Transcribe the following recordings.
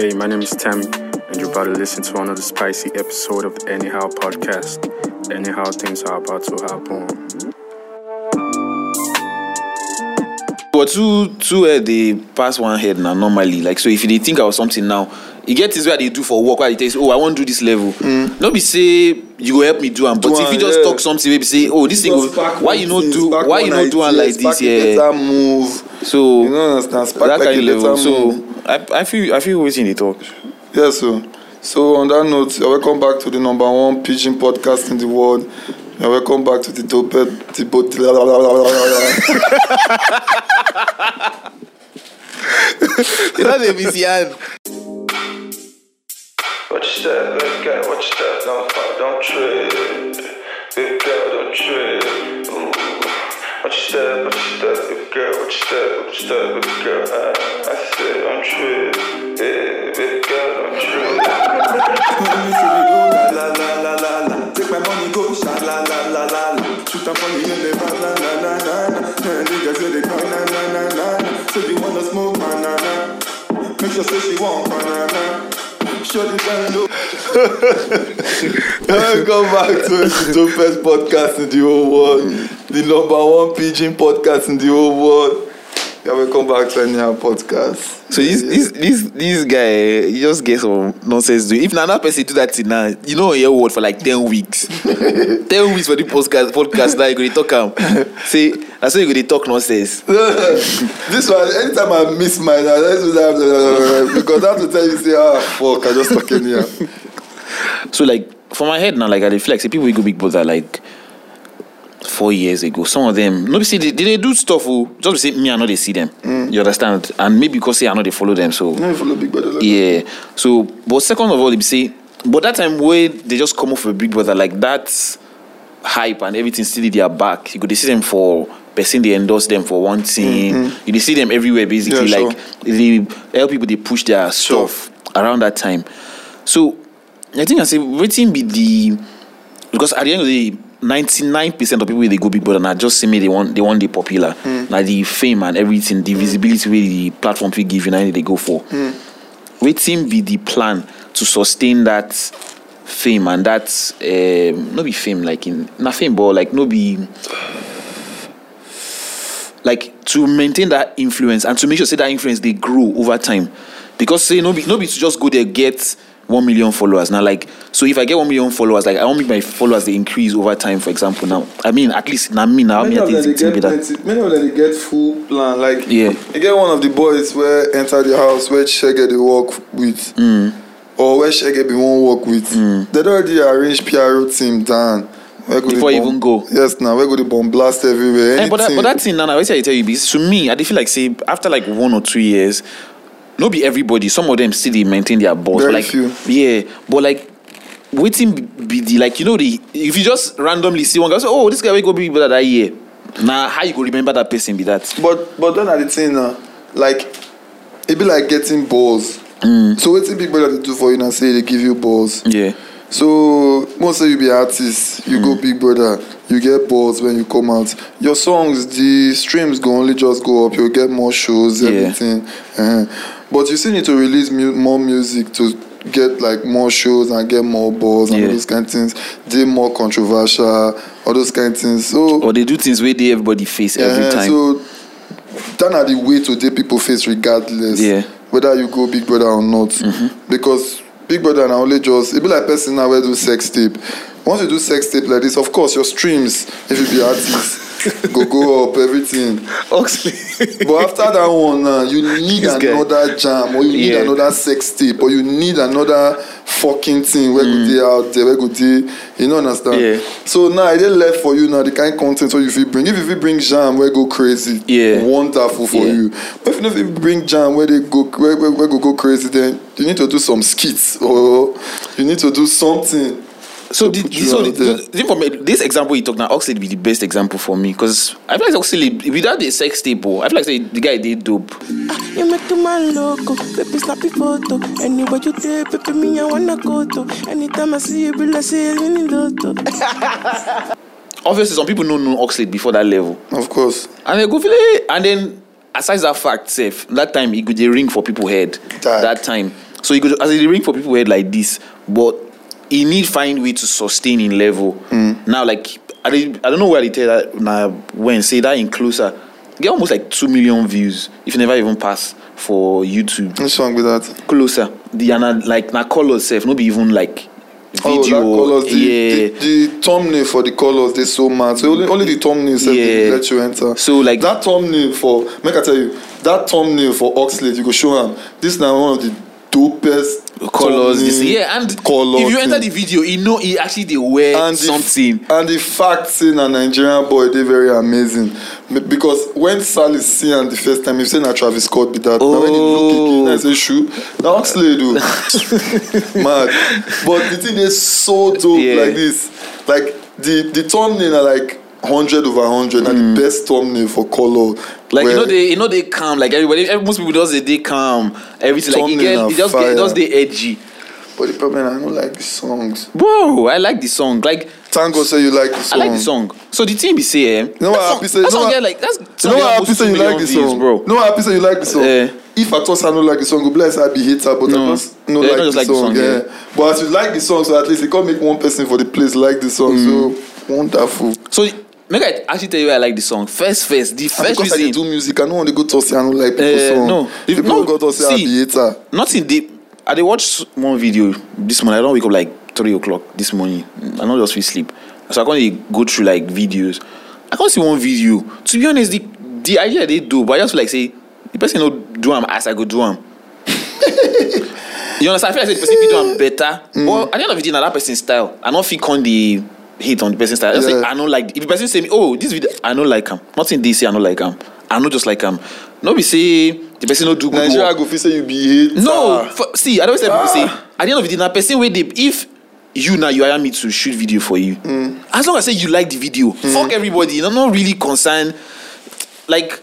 Hey, my name is Tammy, and you're about to listen to another spicy episode of the Anyhow podcast. Anyhow, things are about to happen. But two, two head, the past one head now normally. Like, so if you think of something now, you get this where they do for work, where it is? Oh, I want to do this level. Mm. Not be say, you go help me do am but do if you just yeah. talk something maybe say oh this thing go why you not do why you not do one like this yeah move so you know understand that kind of level move. so I, I feel I feel seeing the talk. Yes, sir. So on that note, welcome back to the number one pigeon podcast in the world. And welcome back to the dope the boat. you know the VCN. Watch that, watch don't don't Big girl, don't what you said, what you said, baby girl, what you said, what you said, baby girl. I, I said I'm true, yeah, baby girl, I'm true. la la la la la, take my money go, sha la la la la la. Shoot up on the hill, they run, la la la la la. Niggas say they cry, na na na na na. So you wanna smoke banana? Make sure say she want banana. Show the down no. Welcome back to the best podcast in the whole world, the number one pigeon podcast in the whole world. Yeah, welcome back to Anyhow podcast. So this, yeah. this this this guy he just gets some nonsense If another person do that now, you know your word for like ten weeks. ten weeks for the podcast podcast now you gonna talk him. See, that's why you gonna talk nonsense. this one anytime I miss my because I have to tell you say ah fuck I just talking here. So like for my head now, like I reflect, say people we go Big Brother like four years ago. Some of them, no, see, they, they do stuff. Who oh, just say me, I know they see them. Mm. You understand? And maybe because say I know they follow them. So follow Big Brother. Like yeah. That. So, but second of all, they say, but that time where they just come off a Big Brother like that hype and everything still in their back. You could see them for person they endorse them for one thing. Mm-hmm. You see them everywhere basically. Yeah, sure. Like they help people they push their sure. stuff around that time. So I think I say rating be the because at the end of the day, ninety nine percent of people with the go Big Brother na just see me they want they want the popular. Mm. the fame and everything, the visibility with the platform they give you now they go for. Mm. Rating be the plan to sustain that fame and that um, be fame like in na fame but like no be like to maintain that influence and to make sure say that influence they grow over time because say no be no be to just go there get One million followers now like so if i get one million followers like i want make my followers they increase over time for example now i mean at least now me now many, I mean, of, them they get many of them they get full plan like yeah you get one of the boys where enter the house where shege they work with mm. or where shege be won't work with mm. they already arrange PRO team down before bomb, even go. Yes, now where we're the bomb blast everywhere. Anything. Eh, hey, but, that, but that thing, now, nah, nah, I tell you, this to me, I feel like, say, after like one or two years, no be everybody some of them still dey maintain their balls Very like few. yeah but like wetin be the like you know the if you just randomly see one guy say oh this guy wey go be brother that year na how you go remember that person be that. but but then na the thing na like e be like getting balls. Mm. so wetin big brother dey do for you na say e dey give you balls. Yeah so most say you be artist you go mm. big brother you get balls when you come out your songs the streams go only just go up you get more shows everything uh but you still need to release more music to get like more shows and get more balls and all those kind things dey more controversial all those kind things so or dey do things wey dey everybody face eh, every time so that na the way to dey people face regardless Yeah. whether you go big brother or not mm-hmm. because Big Brother na only just e be like person na wey do sex tape. Once you do sex tape like this, of course your streams if you be artist go go up everything. Oxley. but after that one now, uh, you need this another guy. jam or you need yeah. another sex tape or you need another fucking thing where mm. go dey out there where go dey you no understand. Yeah. so now I e left for you now the kind con ten t you fit bring if you fit bring jam wey go crazy. Yeah. wonderful for yeah. you but if you no fit bring jam where they go Where where where go go crazy then you need to do some skits or you need to do something So, the, the, so the, this example you took now, Oxley would be the best example for me because I feel like Oxley, without the sex tape, oh, I feel like say, the guy did dope. Ah, you make my loco, oh. baby snappy photo. Anywhere you take, baby me I wanna go to. Anytime I see you, be like say you need Obviously, some people don't know Oxley before that level. Of course. And they go feel it, and then aside that fact, safe that time he could ring for people head. That time, so he could as he ring for people head like this, but he need find way to sustain in level. Mm. Now, like I, I don't know where they tell that now when say that in closer get almost like two million views if you never even pass for YouTube. What's wrong with that? Closer, the and uh, like now. colors self not be even like oh, video. Oh, like colors, yeah. the, the, thumbnail for the colors they so mad. So only, only the thumbnail self yeah. let you enter. So like that thumbnail for make I tell you that thumbnail for Oxlade you go show him. This now one of the dopest colors this yeah and color if you enter the video you know he actually dey wear and something the, and the fact say na nigerian boy dey very amazing because when sally see am the first time he say na travis scott be that oh. na when he look again i say shu na oxlade do mad but the thing dey so dope yeah. like this like the the thumbnail na like hundred over hundred na the mm. best thumbnail for color. Like Where, you know they you know they calm like everybody most people just they, calm everything like it, get, it just fire. get, it just they edgy. But the problem I don't like the songs. Bro, I like the song. Like Tango say you like the song. I like the song. So the team be say eh. No that happy say. That song get like that's. No happy say you like the song, bro. No happy say you like the song. Uh, if at all I don't like the song, bless I be hater, but no. I just no yeah, like, the, like song, the song. Yeah. yeah. But as you like the song, so at least it can make one person for the place like the song. Mm. So wonderful. So Make I actually tell you why I like the song. First, first, the ah, first reason. Because I do music, I know want to go to like people's eh, song. No, if people no, go to see, theater. Nothing. deep. I did watch one video this morning. I don't wake up like three o'clock this morning. I know just feel sleep. So I can't go through like videos. I can't see one video. To be honest, the the idea they do, but I just like say the person no do am as I go do am. you understand? I feel like the person fit do am mm. better. Mm. I at the end of the day, na that person style. I don't feel on the. hate on the person's style. I yeah. say I don't like. If the person say me, oh, this video, I don't like him. Nothing they say, I don't like him. I know just like him. No, we say the person no do good Nigeria go feel say you be hate. No, for, see, I don't say ah. people say at the end of the day, na person wey dey if you now you hire me to shoot video for you. Mm. As long as I say you like the video, mm. fuck everybody. I'm not really concerned. Like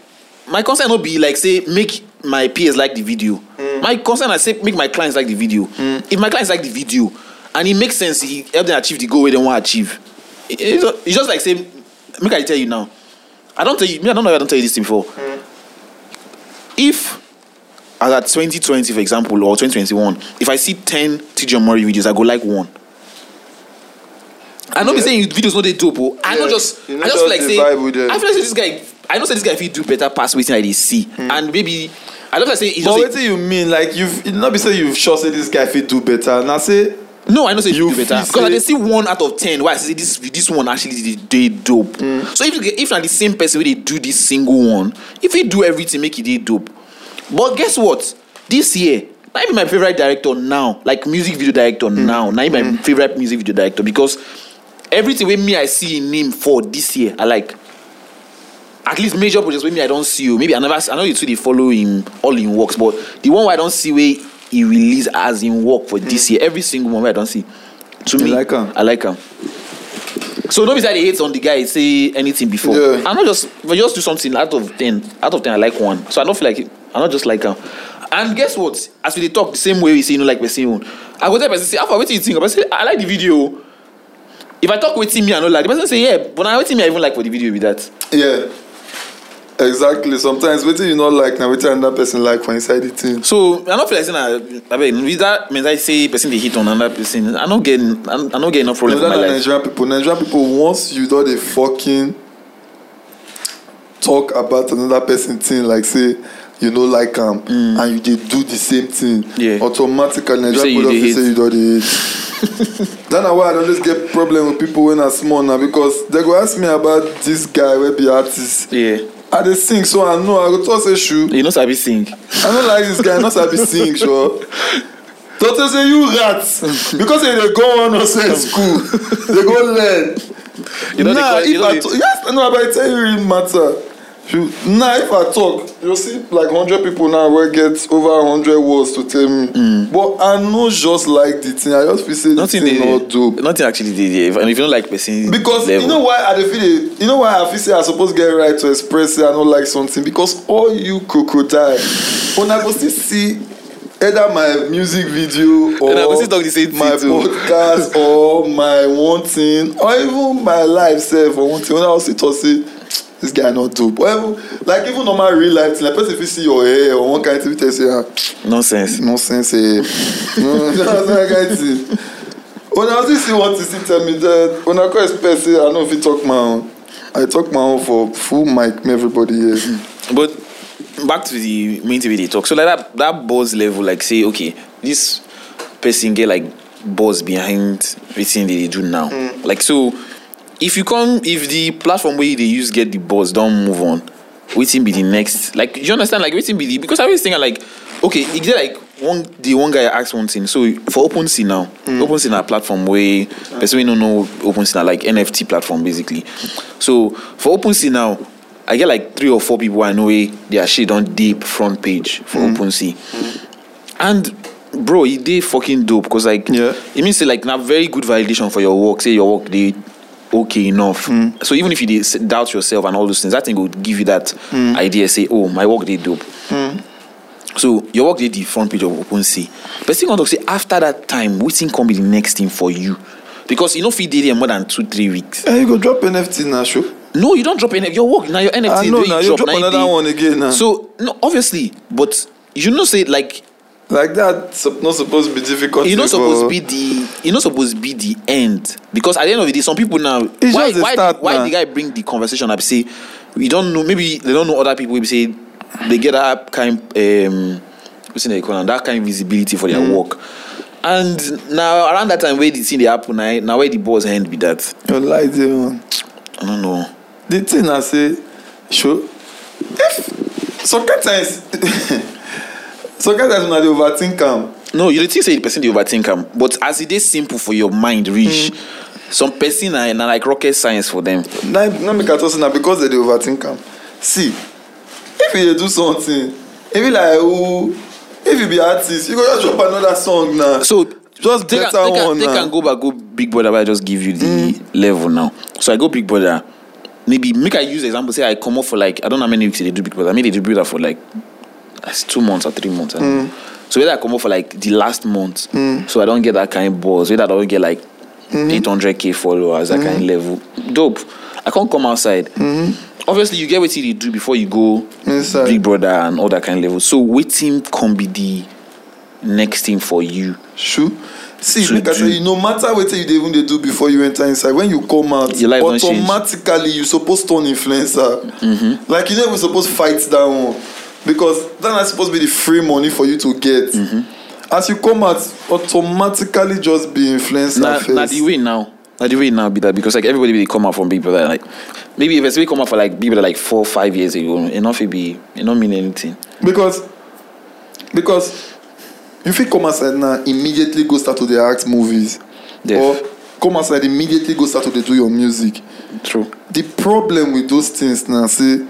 my concern no be like say make my peers like the video. Mm. My concern I say make my clients like the video. Mm. If my clients like the video, and e make sense e help them achieve the goal wey dem wan achieve e just like say make i tell you now i don tell you me i don't know why i don tell you this thing before if as at twenty, for example or twenty twenty one. if i see ten tj omori videos i go like one i no be saying videos no dey dope o oh. i no just i just feel like say i feel like say this guy i know say this guy fit do better pass wetin i dey see hmm. and maybe i don't feel like say e just but wetin you mean like you no be say you sure say this guy fit do better na say No, I know say you do better because I dey see one out of ten. Why I say this this one actually dey dey dope. Mm. So if if na the same person wey dey do this single one, if he do everything make e dey dope. But guess what? This year, na him be my favourite director now, like music video director mm. now. Na him be mm. my favourite music video director because everything wey me I see in him for this year, I like. At least major projects wey me I don see o. Oh, maybe I never I know you two dey follow him all him works, but the one wey I don see wey he release as in work for mm. this hmm. year. Every single moment I don't see. To you me, like him. I like him. So don't be that he hates on the guy. Say anything before. Yeah. I'm not just, but just do something out of ten. Out of ten, I like one. So I don't feel like I'm not just like him. And guess what? As we talk the same way we say you know like seeing one. I go tell person say, "How far wetin you think?" I say, "I like the video." If I talk wetin me I no like, the person say, "Yeah," but na wetin me I even like for the video with that. Yeah exactly sometimes wetin you no like na wetin another person like for inside the thing. so i no feel like say na abeg with that mentality say person dey hit on another person i no get i no get enough problem for my life. nigerian people nigerian people once you don dey fokin talk about another person thing like say you no like am um, mm. and you dey do the same thing yeah. automatically nigerian people don feel say you don dey hate. that na why i always get problem with people wey na small na because they go ask me about this guy wey be artist. Yeah i dey sing so i know i go talk say shu. you no sabi sing. i no like dis guy i no sabi sing sure. doctor say you rat because they you dey go one nonsense school dey go learn. you know nah, the, if you know i talk yes no but i tell you real matter now if i talk you see like hundred people now wey get over hundred words to tell me mm. but i no just like the thing i just feel say the thing not dope nothing actually dey there and if you no like person because you know why i dey feel you know why i feel say i suppose get right to express say i no like something because all you crocodile una go still see either my music video or my podcast or my one thing or even my life sef or one thing una go still talk say this guy not dope. like even normal real life, like person if you see your hair or one kind of say ah, nonsense, nonsense. Eh. no, that's not guy. see what you see, tell me that when I call I know if you talk my own. I talk my for full mic, everybody here. But back to the main they talk. So like that that buzz level, like say okay, this person get like buzz behind everything they do now. Mm. Like so if you come if the platform where they use get the buzz, don't move on waiting be the next like you understand like waiting be the because i always think like okay it like one the one guy asked one thing so for OpenSea now mm. OpenSea na platform wey person don't know OpenSea na like NFT platform basically so for OpenSea now I get like three or four people I know they are shit on deep front page for mm. OpenSea mm. and bro e did fucking dope cause like yeah. it means like now very good validation for your work say your work dey okay enough. Mm. So even if you doubt yourself and all those things, that thing would give you that mm. idea. Say, oh, my work did dope. Mm. So your work did the front page of OpenSea. But still, to say after that time, which thing come be the next thing for you because you know fit dey there more than two three weeks. And eh, you go drop NFT now, sure. No, you don't drop NFT. Your work now, your NFT. I know now you drop, drop another one again. now. Ah. So no, obviously, but you know, say like like that not supposed to be difficult. It's not supposed to be the it's not supposed to be the end because at the end of the day, some people now it's why why, start, why, why the guy bring the conversation up? Say we don't know. Maybe they don't know other people. Maybe say they get that kind um what's in the corner that kind of visibility for their mm. work. And now around that time where the thing they happen, I, now where the boss end be that. You like them. Eh, I don't know. The thing I say, sure. If sometimes. so guys as una dey overthink am. no you dey think say the person dey overthink am but as e dey simple for your mind reach. Mm. some person na na like rocket science for them. na na make i talk say na because they dey overthink am see if you dey do something e be like ooo if you be artist you go just drop another song na. so just take better take one na. take am go back go big brother wey i just give you the mm. level now so i go big brother maybe make i use example say i comot for like i don't know how many weeks i dey do big brother i make dey do big brother for like As two months or three months. Mm. So whether I come up for like the last month, mm. so I don't get that kind of buzz. Whether I don't get like mm-hmm. eight hundred k followers, that mm kind of mm-hmm. level. Dope. I can't come outside. Mm-hmm. Obviously, you get what you do before you go Inside. Big Brother and all that kind of level. So waiting can be the next thing for you. Sure. see so because you, no matter what you even dey do before you enter inside when you come out your life automatically you to turn influencer mm -hmm. like you never supposed suppose fight that one because that's not supposed to be the free money for you to get mm-hmm. as you come out automatically just be influencer na, first na the way now na the way now be that because like everybody will come out from people that like maybe if person wey come out for like people that like four five years ago enough it be e no mean anything. because because you fit come outside now immediately go start to the act movies Def. or come outside immediately go start to the do your music. true the problem with those things now say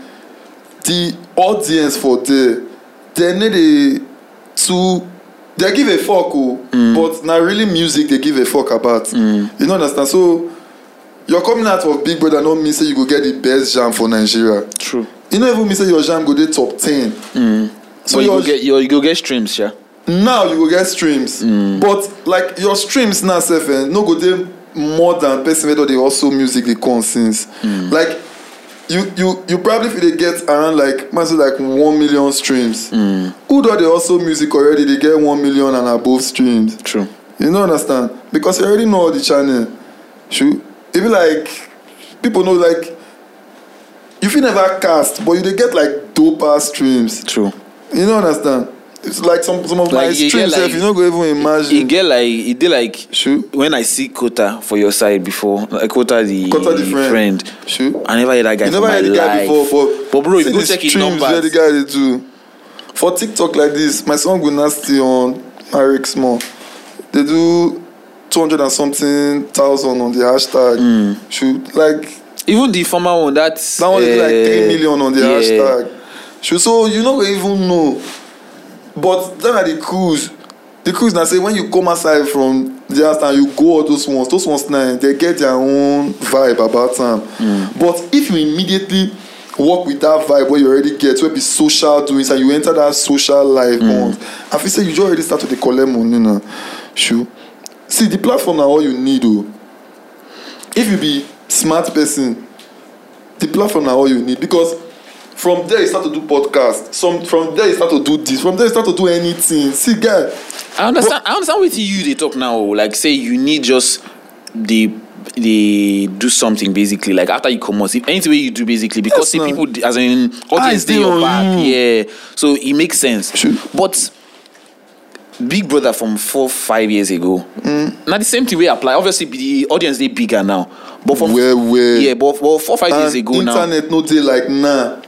the audience for there dem no dey too dem give a fuck o oh. mm. but na really music dey give a fuck about mm. you no understand so your coming out of big brother no mean say you go get the best jam for nigeria true e no even mean say your jam go dey top ten. Mm. so but you go get your, you go get streams yeah? now you go get streams mm. but like your streams now sef eh, no go dey more than person wey don dey hustle music dey come since mm. like you you you probably fit dey get around like man say like one million streams mm. who don dey also music already dey get one million and above streams true you no understand because you already know all the channel true Even like people know like you fit never cast but you dey get like doper streams true you no understand it's like some some of like, my streams eh, like, you no go even imagine. e get like e dey like Shoe? when i see kota for your side before like kota the, kota the friend, friend. Shoe? i never hear that guy you for my life guy before but but bro if you go check his numbers see the streams wey the guy dey do for tiktok like this my song go nasty on marek small dey do two hundred and something thousand on the hashtag mm. shoot like. even the former one that's that one dey uh, like three eh, million on the yeah. hashtag shoot so you no go even know but then i the cruise the cruise na say when you come aside from just and you go all those ones those ones na they get their own vibe about am mm. but if you immediately work with that vibe wey you already get wey be social doings and you enter that social life mm. on i feel say you just already start to dey collect money na sure see the platform na all you need o oh. if you be smart person the platform na all you need because From there, you start to do podcast. Some from there, you start to do this. From there, you start to do anything. See, guy. I understand. But, I understand With you they talk now. Oh. Like say you need just the they do something basically like after you come out if any way you do basically because yes, people as in audience they your back yeah so it makes sense sure. but big brother from four five years ago mm. now the same thing we apply obviously the audience they bigger now but from where where yeah but, but four five years ago internet now internet no day like nah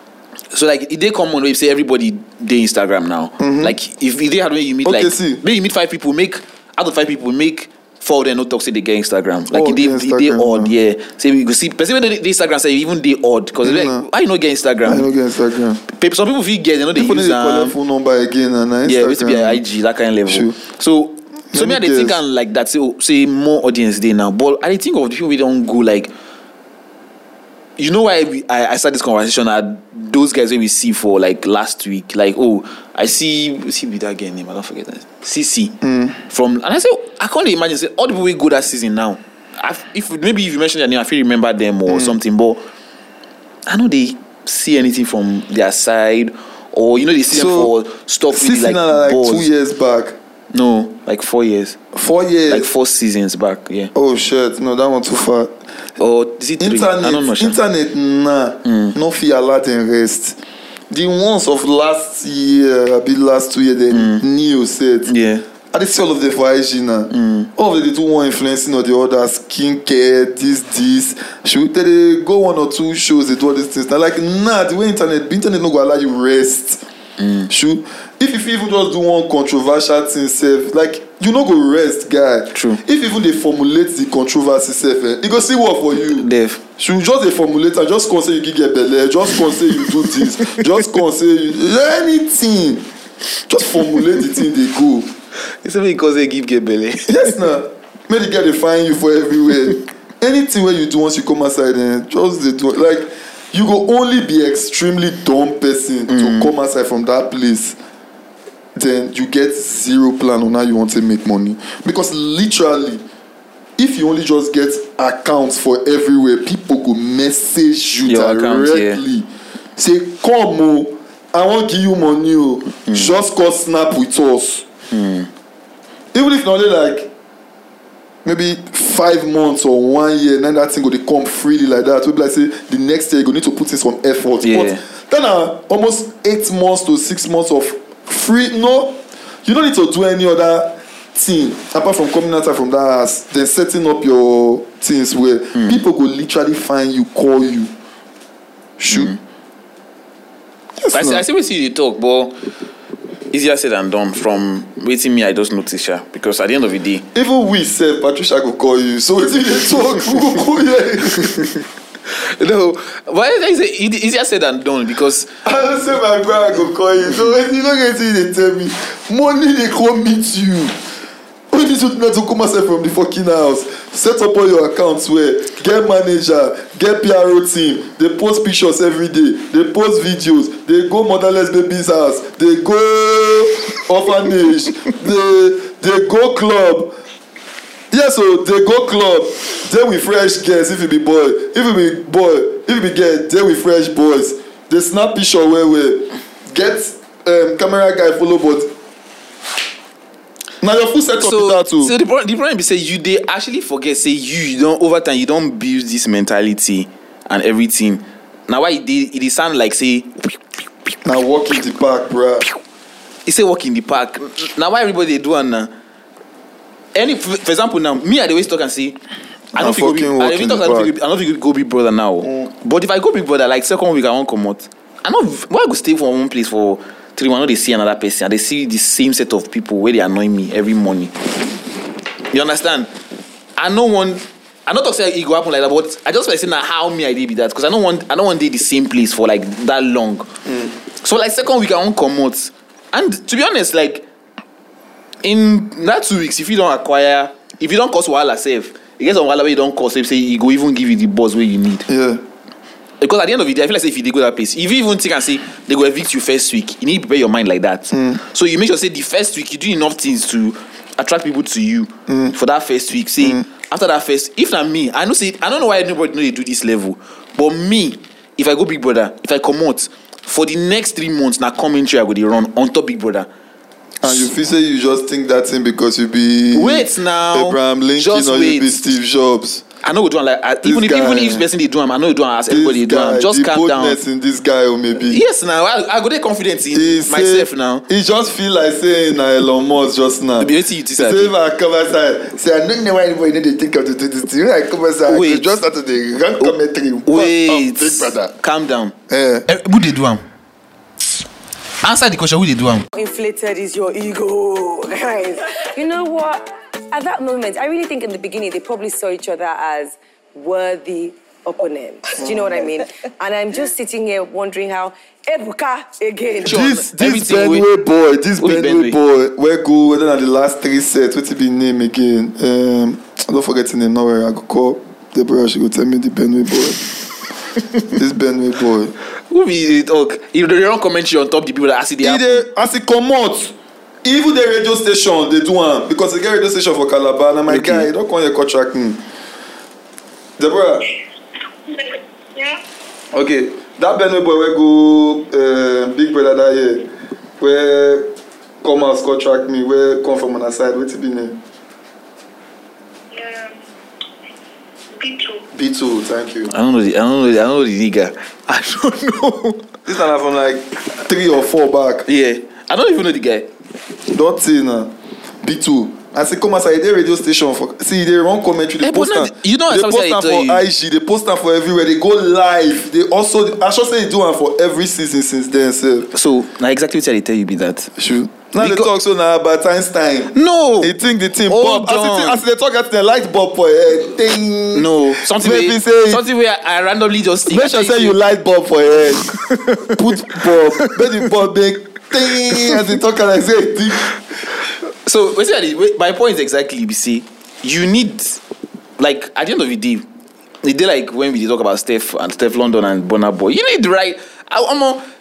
so like if they come on if say everybody they Instagram now. Mm-hmm. Like if, they had when you meet okay, like see. maybe you meet five people, make out of five people make four of them no talk say they get Instagram. Like oh, they, Instagram, they odd, yeah. See, Say so see person when the Instagram say even they odd because mm like mm-hmm. why you not get Instagram? I not get Instagram. People, some people feel get they know they people use um, phone number again and Instagram. yeah, used to be an IG that kind of level. So so me, I they think I'm like that. Say, oh, say more audience day now, but I think of the people we don't go like. You know why I, I, I started this conversation at those guys that we see for like last week, like oh, I see see with that guy name, I don't forget that CC mm. from, and I said I can't imagine say, all the people we go that season now. i if maybe if you mention their name, I feel remember them or mm. something, but I know they see anything from their side or you know they see so, them for stuff like, like two years back No. Like four years. Four years. Like four seasons back. Yeah. Oh shit! No, that one too far. Or is it internet, three? I don't know. Sure. Internet, nah. Mm. No fear, lot and rest. The ones of last year, a bit last two years, the mm. new set. Yeah. I see all of the for IG now. Mm. All of the two one influencing or the other skincare, this, this. Should they go one or two shows, they do all these things. Now, like, nah, the way internet, the internet no go allow you rest. Mm. Should if you even just do one controversial thing sef like you no go rest guy true if even dey formulate the controversy sef eh e go still work for you def She just dey formulate am just come say you gig belle just come say you do this just come say you anything just formulate the thing dey go. you say make you come say you give girl belle. yes na make the girl dey find you for everywhere anything wey you do once you come outside eh just dey do like you go only be extremely dumb person mm. to come outside from that place then you get zero plan on how you want to make money because literally if you only just get accounts for everywhere people go message you Your directly account, yeah. say come o i wan give you money o mm. just call snap with us mm. even if na only like maybe five months or one year na that thing go dey come freely like that wey be like say the next year you go need to put in some effort yeah. but then na almost eight months to six months of free. No, you don't need to do any other thing apart from coming out from that house. Then setting up your things where mm. people go literally find you, call you, shoot. Mm. Yes, I, see, I see we see the talk, but easier said than done from waiting me i just notice sha because at the end of the day. even we sef patricia go call you so wetin you dey talk we go call you no why is it easier said than done because. i don say my brother go call you so when you don't get it, they tell me money. They come meet you who need you not to come outside from the fucking house set up all your accounts Where get manager get pro team They post pictures every day They post videos They go motherless babies house They go orphanage They they go club yes o oh, dey go club dey with fresh girls if you be boy if you be boy if you be girl dey with fresh boys dey snap picture well well get um, camera guy follow but na your full setup so, be that o. Oh. so the problem the problem be say you dey actually forget say you you don over time you don build this mentality and everything na why e dey e dey sound like say. na walk in the park bruh. e say walk in the park na why everybody dey do am na. any for, example now, me I always talk and see, I don't think go I don't think I don't think go Big Brother now. Mm. But if I go Big Brother like second week I won't come out. I know why I go stay for one place for three months. They see another person and they see the same set of people where they annoy me every morning. You understand? I don't want. I don't talk say it go happen like that, but I just like saying how me I did be that because I don't want I don't want to the same place for like that long. Mm. So like second week I won't come out, and to be honest, like in that two weeks if you don acquire if you don cause wahala sef e get some wahala wey you don cause sef say e go even give you the buzz wey you need. Yeah. because at the end of the day i feel like say if you dey go that place if you even think am say they go evict you first week you need prepare your mind like that. Mm. so you make sure say the first week you do enough things to attract people to you. Mm. for that first week say mm. after that first if na me i know say i don't know why nobody no dey do this level but me if i go big brother if i comot for the next three months na commentary i go dey run on top big brother And you feel say you just think that thing because you be wait now Abraham Lincoln or you be Steve Jobs. I know we do am like I, even if guy, even if person dey do am I know we do am as everybody dey do am just calm down. The boldness in this guy o oh, maybe. Yes na I, I go dey confident in he myself now. He just feel like say na Elon Musk just now. The beauty you think I Say if I come outside say I no know why anybody no dey think of to do this thing when I come outside wait. I go just start to dey run commentary. Wait wait calm down. Eh. eh. Who dey do am? Answer the question, who they do am? Inflated is your ego, guys. you know what? At that moment, I really think in the beginning they probably saw each other as worthy opponents. Do you know what I mean? and I'm just sitting here wondering how Ebuka again. This this Benway boy, this Benway boy, where go whether the last three sets, what's be name again? Um I don't forget the name now I go call Deborah, she go tell me the Benway boy. this Benway boy who be talk if they run commentary on top the people that as e dey happen. e dey as e comot even the radio station dey do am because e get radio station for calabar na my okay. guy e don come here contract me deborah yeah. okay that benue boy wey go uh, big brother that year wey come house contract me wey come from una side wetin be name. B2 B2, thank you I don't know the, I don't know the, I don't know the niga I don't know This is from like 3 or 4 back Yeah I don't even know the guy Don't say nan B2 As a commercial, it's a radio station Si, it's a wrong commentary They post it They post it for IG They post it for everywhere They go live They also I should say they do it for every season since then So, na exactivity I tell you be that Sure now they talk so now about einstein no they think the thing bob oh, as they talk as the light bulb for head ding no something say. something where i randomly just think make sure say you light bulb for head put bulb make the bulb big. Thing as they talk and I say thing. so basically, my point is exactly be say you need like at the end of the day the day like when we talk about steph and steph london and burna boy you need right omo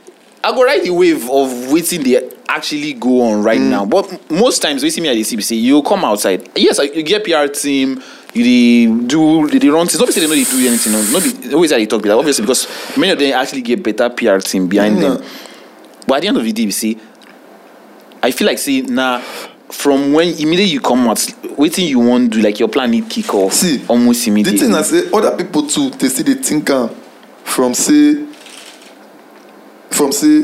i go ride the wave of waiting. They actually go on right mm. now but most times wey see me at the CBC. you come outside yes you get pr team you dey do dey run things no be say they do anything no be always i talk about. obviously because many of them actually get better pr team behind mm. them but at the end of the day you see i feel like see now. from when immediately you come out waiting you wan do like your plan need kick off almost immediately the thing I say other people too They see the think am from say from say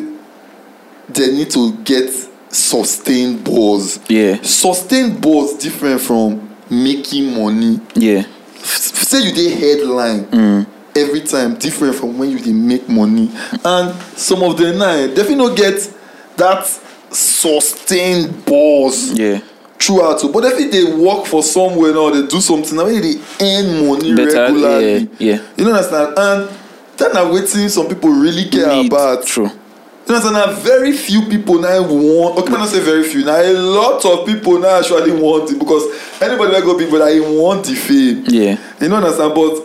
they need to get sustained balls. Yeah. Sustained balls different from making money. Yeah. Say you did headline. Mm. Every time different from when you did make money, and some of them now definitely eh, not get that sustained balls. Yeah. throughout. Oh, but if they work for somewhere now, they do something now, when they earn money Better, regularly. Yeah, yeah. You know understand? And that na wetin some people really care Need. about true you know na very few people na want okay no say very few na a lot of people na actually want it because anybody wey go big brother e want the fame yeah you know understand but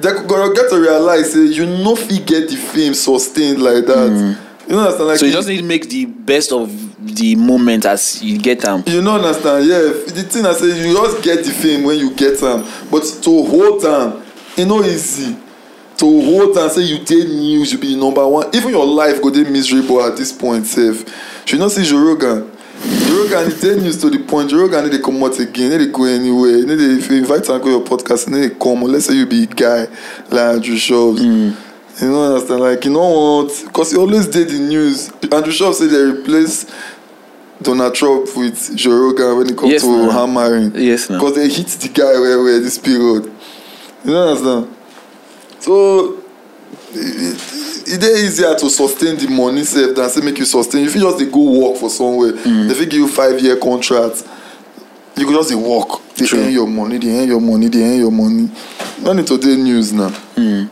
dem go get to realize say you no fit get the fame sustained like that mm. you know understand like so you just need make the best of the moment as you get them. you know understand yeah the thing I say you just get the fame when you get them. but to hold them, you know, easy. to hold and say you did news you be number one even your life got in miserable at this point Safe should not see joe rogan joe rogan dey news to the point joe rogan they come out again They go anywhere no if you invite am go your podcast no come? come us say you be guy like andrew shoves hmm. you know understand like you know what? because he always did the news andrew Shaw say they replace Donald Trump with Joe Rogan when it comes yes, to hammering. Yes, Because they hit the guy where, where this period. You I'm understand? so e dey easier to sustain the money sef than say make you sustain you fit just dey go work for somewhere mm. they fit give you five year contract you go just dey work dey earn your money dey earn your money dey earn your money no need to dey news now mm.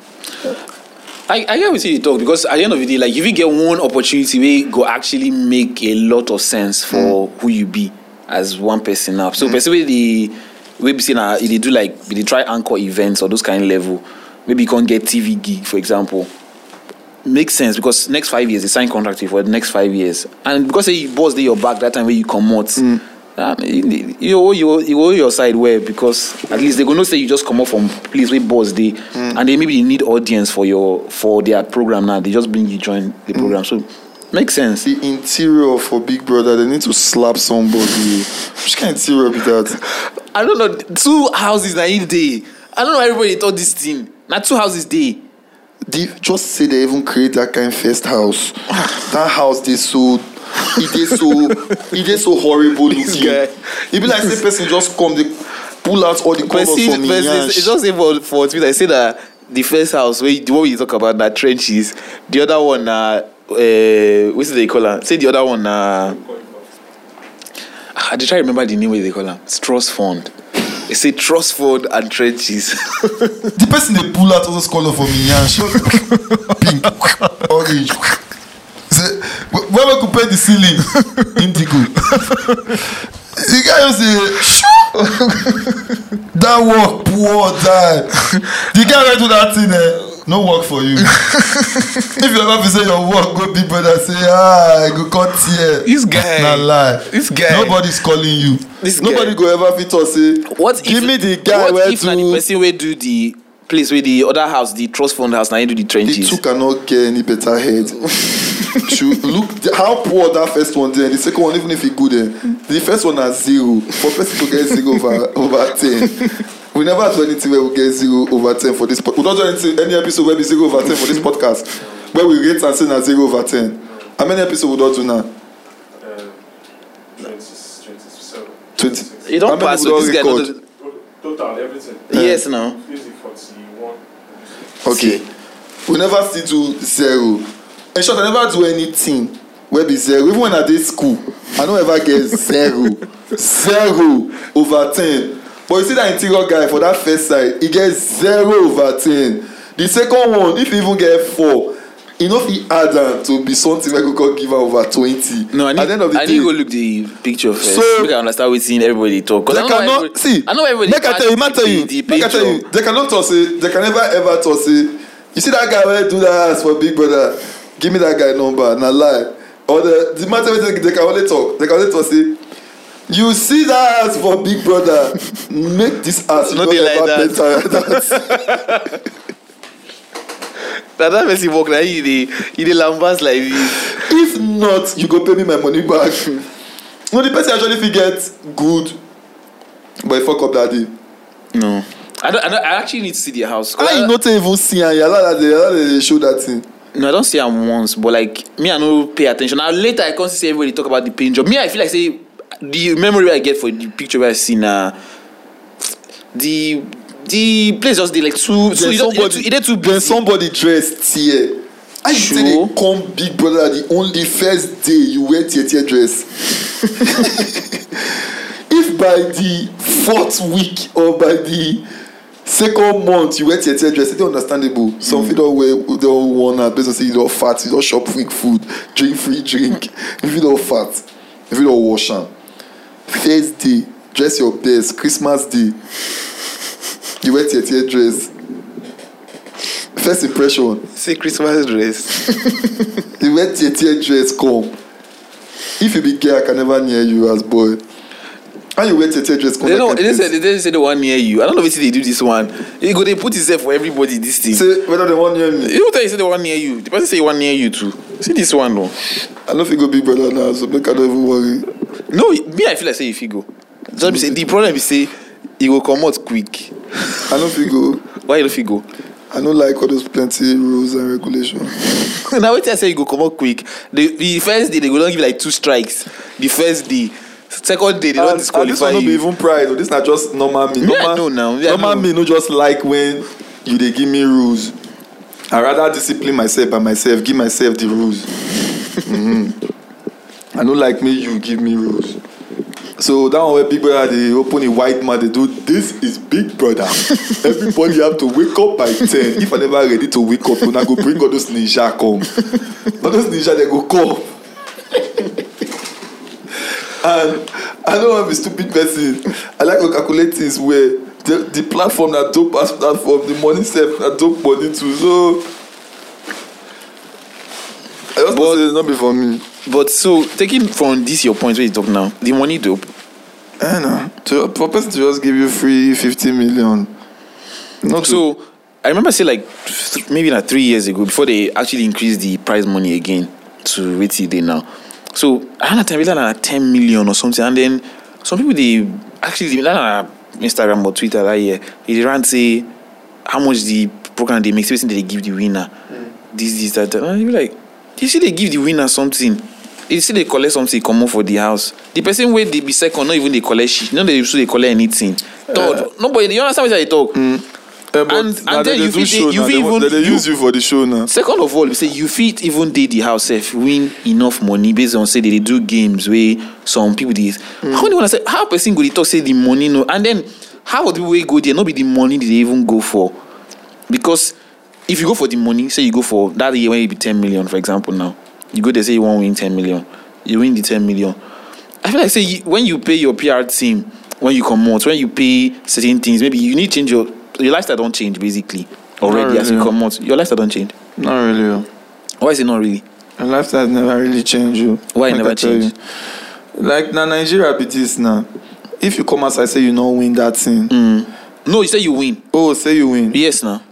i i get wetin you talk because at the end of the day like if you get one opportunity wey go actually make a lot of sense for mm. who you be as one person now so person wey dey wey be say na e dey do like e dey try anchor events or those kind level Maybe you can't get TV gig, for example. Makes sense because next five years, they sign contract for the next five years. And because they you boss day your back that time when you come out, mm. um, you, you, you, owe, you owe your side where because at least they're going to say you just come out from place where boss day mm. and they maybe they need audience for your for their program now. They just bring you join the mm. program. So Makes sense. The interior for Big Brother, they need to slap somebody. Which kind of interior be that? I don't know. Two houses in a day. I don't know everybody thought this thing. Now two houses day. just say they even create that kind of first house. that house they so it is so it is so horrible looking. Guy. It be like say person just come they pull out all the covers see, from him. It's just say for for Twitter. I say that the first house where the one we talk about that trenches. The other one uh, uh, eh, what's they call Say the other one Uh, I try to remember the name wey they call am. font. fund. It's a trust fund and trenches. the person they pull out also color for me, yeah. Pink, orange. Say, when we compare the ceiling, indigo. The guy was say, that work poor die. The guy went to that thing. Eh? no work for you if you ever visit your work go big brother say ah i go cut here this guy na lie this guy nobody's calling you this nobody guy. go ever fit talk say what give if, me the guy where to what if na the person wey do the place wey the other house the trust fund house na him do the trenches the two cannot get any better head true look how poor that first one dey and the second one even if e good eh the first one na zero for person to get zero over over ten we never do anything where we get zero over ten for this. Po- we don't do anything, any episode where we zero over ten for this podcast, where we rate and say na zero over ten. How many episodes we don't do now? Um, twenty. You don't How pass with this guy. Total, everything. Yes, now. Okay. We never still do zero. In short, I never do anything where be zero. Even when I did school, I don't ever get zero. zero over ten but you see that interior guy for that first side he get zero over ten the second one if e even get four e no fit add am to be something wey go come give am over twenty. no i need i need go look the picture first so, make i understand wetin everybody dey talk. They i know see i know everybody dey catch the, the picture. make i tell you they can not talk say they can never ever talk say you see that guy wey do that ass for big brother give me that guy number na lie or the the matter wey they can only talk they can only talk say you see that ass for big brother make this ass no dey like that na that person work na he dey he dey lambast like this. if not you go pay me my money back no the person actually fit get good but he fuck up that day. no i don i don i actually need to see the house. how you no take even see am yala dey yala dey show that thing. no i don see am once but like me i no pay at ten tion na later i come see say everybody talk about the pain job me i feel like say the memory I get for the picture I see now, the the place just did like two. So it e somebody, it e too busy. somebody dressed here. I sure. say come big brother the only first day you wear tear dress. if by the fourth week or by the second month you wear tear tear dress e understandable mm. some mm. don't don wear don worn out based on say you don fat you don chop quick food drink free drink If you don't fat, if you don't wash them first day dress your best christmas day you wear tear tear dress first impression. say christmas dress. you wear tear tear dress come if you be girl i can never near you as boy how you wear tear tear dress come. they don't they say say they wan near you i don't know wetin they do this one He go dey put himself for everybody this thing. say whether they wan near me. you no tell you say they wan near you the person say he wan near you too see this one no. I know if you go big brother now, so make I don't even worry. No, me I feel like say if you go. Just be say the problem is say you will come out quick. I know if you go. Why if you go? I don't like all those plenty rules and regulations. now wait I say you go come out quick. The, the first day they will not give like two strikes. The first day. Second day they don't disqualify. This one not be even pride. Oh, this not just normal me. Normal, yeah, no, no. Yeah, normal no. me no just like when you they give me rules. I rather discipline myself by myself, give myself the rules. mm-hmm. I don't like me, you give me rules. So that one where Big Brother they open a white man, they do this is Big Brother. Everybody have to wake up by 10. If I never ready to wake up, when I go bring all those ninja come. all those ninja they go call. and I don't want to be stupid person. I like to calculate things where the, the platform that took pass platform the money sef that dope money too so i just say it's not before me. but so taking from this your point where you talk now the money dope. Eh, know to purpose to just give you free fifty million. not so to, i remember say like th- maybe like three years ago before they actually increase the prize money again to what they now so I had time that ten million or something and then some people they actually like, Instagram or Twitter that year, he ran say how much the program they make, something they give the winner. Mm. This, this, that, that. And you be like, you see they give the winner something. You see they collect something common for the house. The person where they be second, not even they collect shit. No, they should they collect anything. Third, uh, nobody you understand what I talk. Mm. Yeah, and, and then you you even they, they use you for the show now. Second of all, we say you fit even did the house if win enough money based on say they do games where some people did. Mm. How you wanna say how person go talk say the money no and then how would people go there Not be the money they even go for because if you go for the money say you go for that year when you be ten million for example now you go there say you to win ten million you win the ten million I feel like say when you pay your PR team when you come out when you pay certain things maybe you need change your your lifestyle don't change basically already really. as you come out. Your lifestyle don't change. Not really. Oh. Why is it not really? Your lifestyle never really change. You. Oh. Why like never I change? Like now Nigeria it is now. If you come outside say you not win that thing. Mm. No, you say you win. Oh, say you win. Yes now.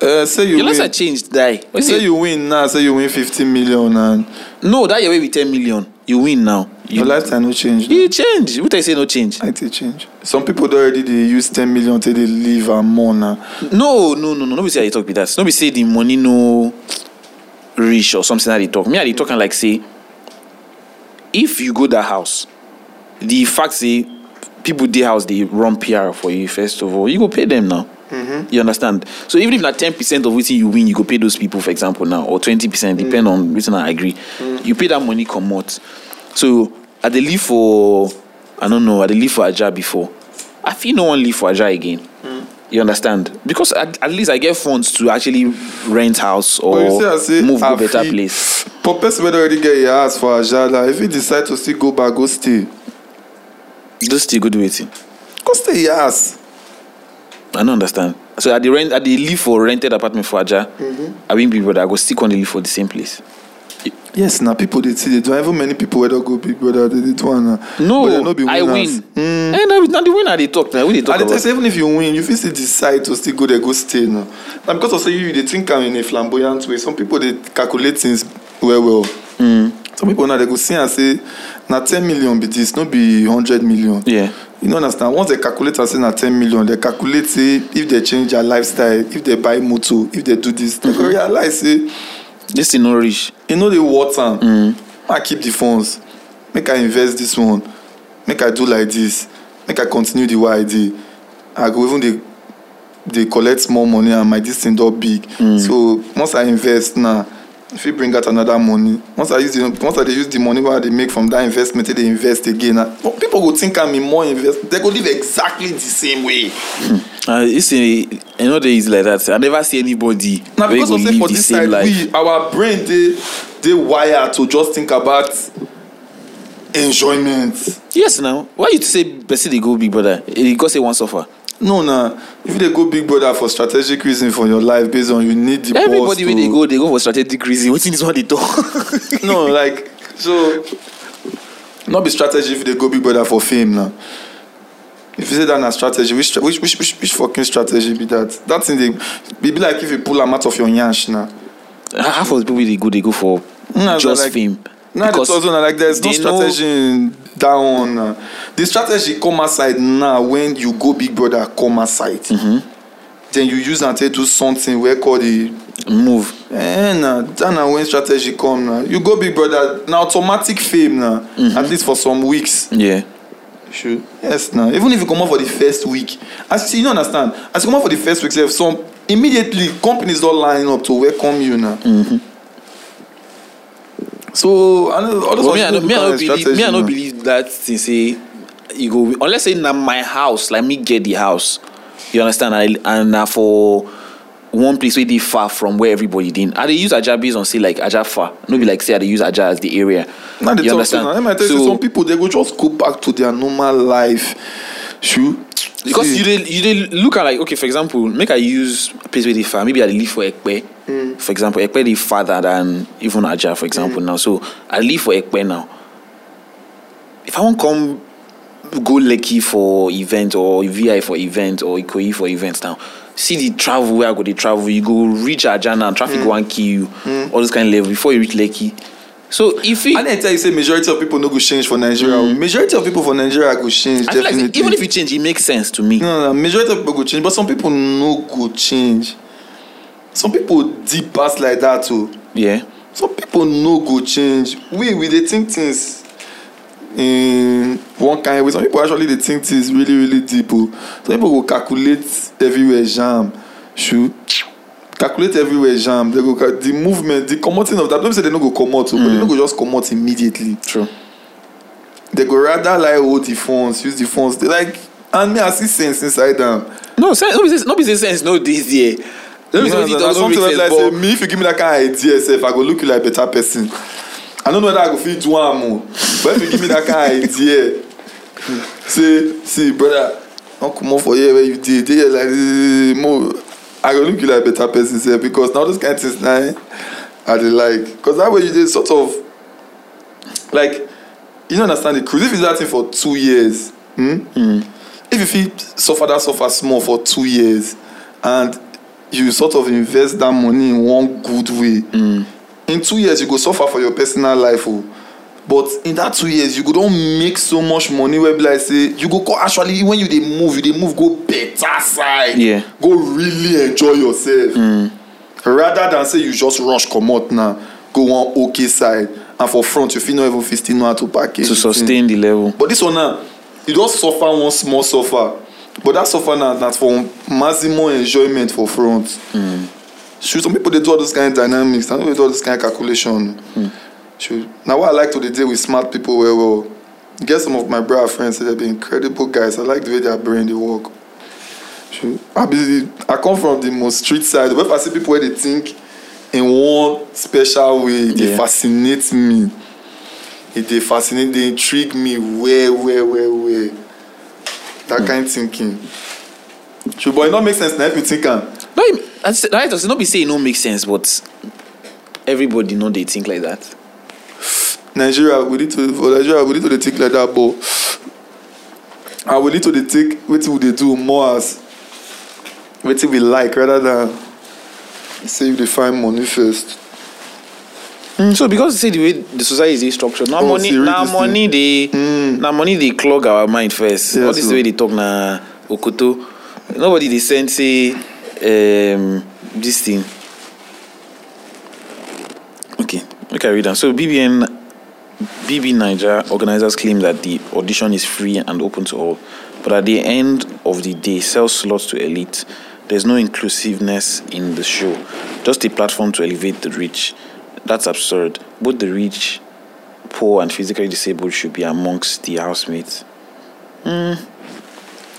Uh, eh, say you your lifestyle changed, die. Say it? you win now. Say you win fifteen million and. No, that year with ten million. you win now. You your lifestyle no change. You change. What I say no change. I say change. Some people do already they use ten million till they leave and more now. No, no, no, no. Nobody say I talk with that. Nobody say the money no rich or something that they talk. Me, I they talk and like say, if you go that house, the fact say people their house they run PR for you first of all, you go pay them now. Mm-hmm. You understand? So even if that ten percent of wetin you win, you go pay those people, for example, now or twenty percent, depend mm-hmm. on wetin I agree. Mm-hmm. You pay that money, out. So I dey leave for I don't know. I dey leave for Aja before. I feel no one leave for Aja again. Mm. You understand? Because at, at, least I get funds to actually rent house or see, move to a better fee. place. Purpose person already get your ass for Ajala. If you decide to still go back, go stay. Just stay, go do it. Go stay your ass. I don't understand. So at the rent, at the live for rented apartment for Aja, mm-hmm. I mean, people that go stick on the live for the same place. Yes, now people they see they don't even many people whether go people whether they did one. Uh, no, no be I win. Mm. And eh, now, now the winner they talk now. They talk about. Say, even if you win, you fit still decide to still go they go stay now. Now because I say you they think I'm in a flamboyant way. Some people they calculate things well well. Mm some people now they go see and say na ten million be this no be hundred million yeah. you no understand once they calculate and say na ten million they calculate say if they change their lifestyle if they buy motor if they do this mm -hmm. they go mm-hmm. realize say this thing no reach e no dey worth am mm. make i keep the funds make i invest this one make i do like this make i continue the way i dey i go even dey dey collect small money and my this thing don big mm. so once i invest now If fit bring out another money once i use the once i dey use the money wey i dey make from that investment take dey invest again na ah, but people go think am in more invest they go live exactly the same way. Uh, you see, e no dey easy like that. I never see anybody na wey go live the same side, life. We, our brain dey dey wired to just think about enjoyment. Yes, now why you say person dey go big brother? Because go say wan suffer no nah. if you go big brother for strategic reason for your life based on you need the everybody when they go they go for strategic reason wetin is what they talk. no like so Not be strategy if they go big brother for fame nah. if you say that na strategy which which which which, which fucking strategy be that that thing dey be be like if you pull a out of your yansh nah. half of the people they go they go for nah, just like, fame. Now because the thousand like there's no strategy down. Uh. the strategy come aside now when you go Big Brother come aside. Mm-hmm. Then you use and do something where call the move. And uh, then uh, when strategy come now, uh, you go Big Brother now automatic fame now uh, mm-hmm. at least for some weeks. Yeah. Sure. Yes now. Even if you come out for the first week, as you, you understand, as you come out for the first week, some immediately companies don't line up to welcome you now. Mm-hmm. So I well, me, I know, me, I don't believe, me, I don't believe that they say you go unless say my house, like me get the house. You understand? And, and uh, for one place where they far from where everybody did. I they use Ajabis on say like Ajafar. far. No be like say I they use Aja as the area. Now you understand? Thing, so, some people they go just go back to their normal life. Shoot because See. you dey you dey look at like okay for example make i use place where dey far maybe i live for ekpe mm. for example ekpe dey farther than even aja for example mm. now so i live for ekpe now if i wan come go lekki for event or vi for event or ikoyi for events now see the travel where i go dey travel you go reach aja now traffic mm. wan kill you mm. all those kind of level before you reach lekki So if it, I didn't tell you say majority of people no go change for Nigeria. Mm. Majority of people for Nigeria go change. I feel Like even if you change, it makes sense to me. No, no, majority of people go change, but some people no go change. Some people deep pass like that too. Yeah. Some people no go change. We we they think things in one kind of way. Some people actually they think things really really deep. Oh. Some people go calculate everywhere jam. Shoot calculate everywhere jam they go the movement the commoting of that don't say they no go comot o mm. but they mm. no go just comot immediately true they go rather like hold the phones use the phones they like and me i see sense inside am. no sense no be say no be say sense no dey there no be say no dey something like sense, say me if you give me that kind of idea sef i go look you like better person i no know whether i go fit do am o but if you give me that kind of idea say see brother don comot for here where you dey dey here like mo I go look you like better person sef because now this kind of things na eh, I dey like because that way you dey sort of like you no understand the cruise if you do that thing for two years hmm? Mm. if you fit suffer that suffer small for two years and you sort of invest that money in one good way mm. in two years you go suffer for your personal life o. Oh but in that two years you go don make so much money wey be like say you go come actually when you dey move you dey move go better side yeah. go really enjoy yourself mm. rather than say you just rush comot now go one okay side and for front you fit no even fit still know how to package to sustain the level but this one now you don suffer one small suffer but that suffer na na for maximum enjoyment for front mm. so some people dey do all those kind of dynamics and some dey do all those kind of calculation. Mm. Should, now, what I like to deal with smart people well, well, get some of my brother friends, they've be incredible guys. I like the way their brain they work. Should, I, be, I come from the most street side. Where I see people where they think in one special way, they yeah. fascinate me. It they fascinate, they intrigue me way, way, way, way. That mm. kind of thinking. True, but it not make sense now if you think No, I just not be saying it no make sense, but everybody know they think like that nigeria we need to for nigeria we need to dey think like that but and we need to dey take wetin we dey do more as wetin we like rather than say you dey find money first. Mm, so because say the way the society dey structured na oh, money na money dey mm. na money dey clog our mind first yes, all this so. way they talk na okoto nobody dey send say um, this thing okay make i read am so bbn BB Niger organizers claim that the audition is free and open to all, but at the end of the day, sell slots to elite. There's no inclusiveness in the show, just a platform to elevate the rich. That's absurd. Both the rich, poor, and physically disabled should be amongst the housemates. Hmm,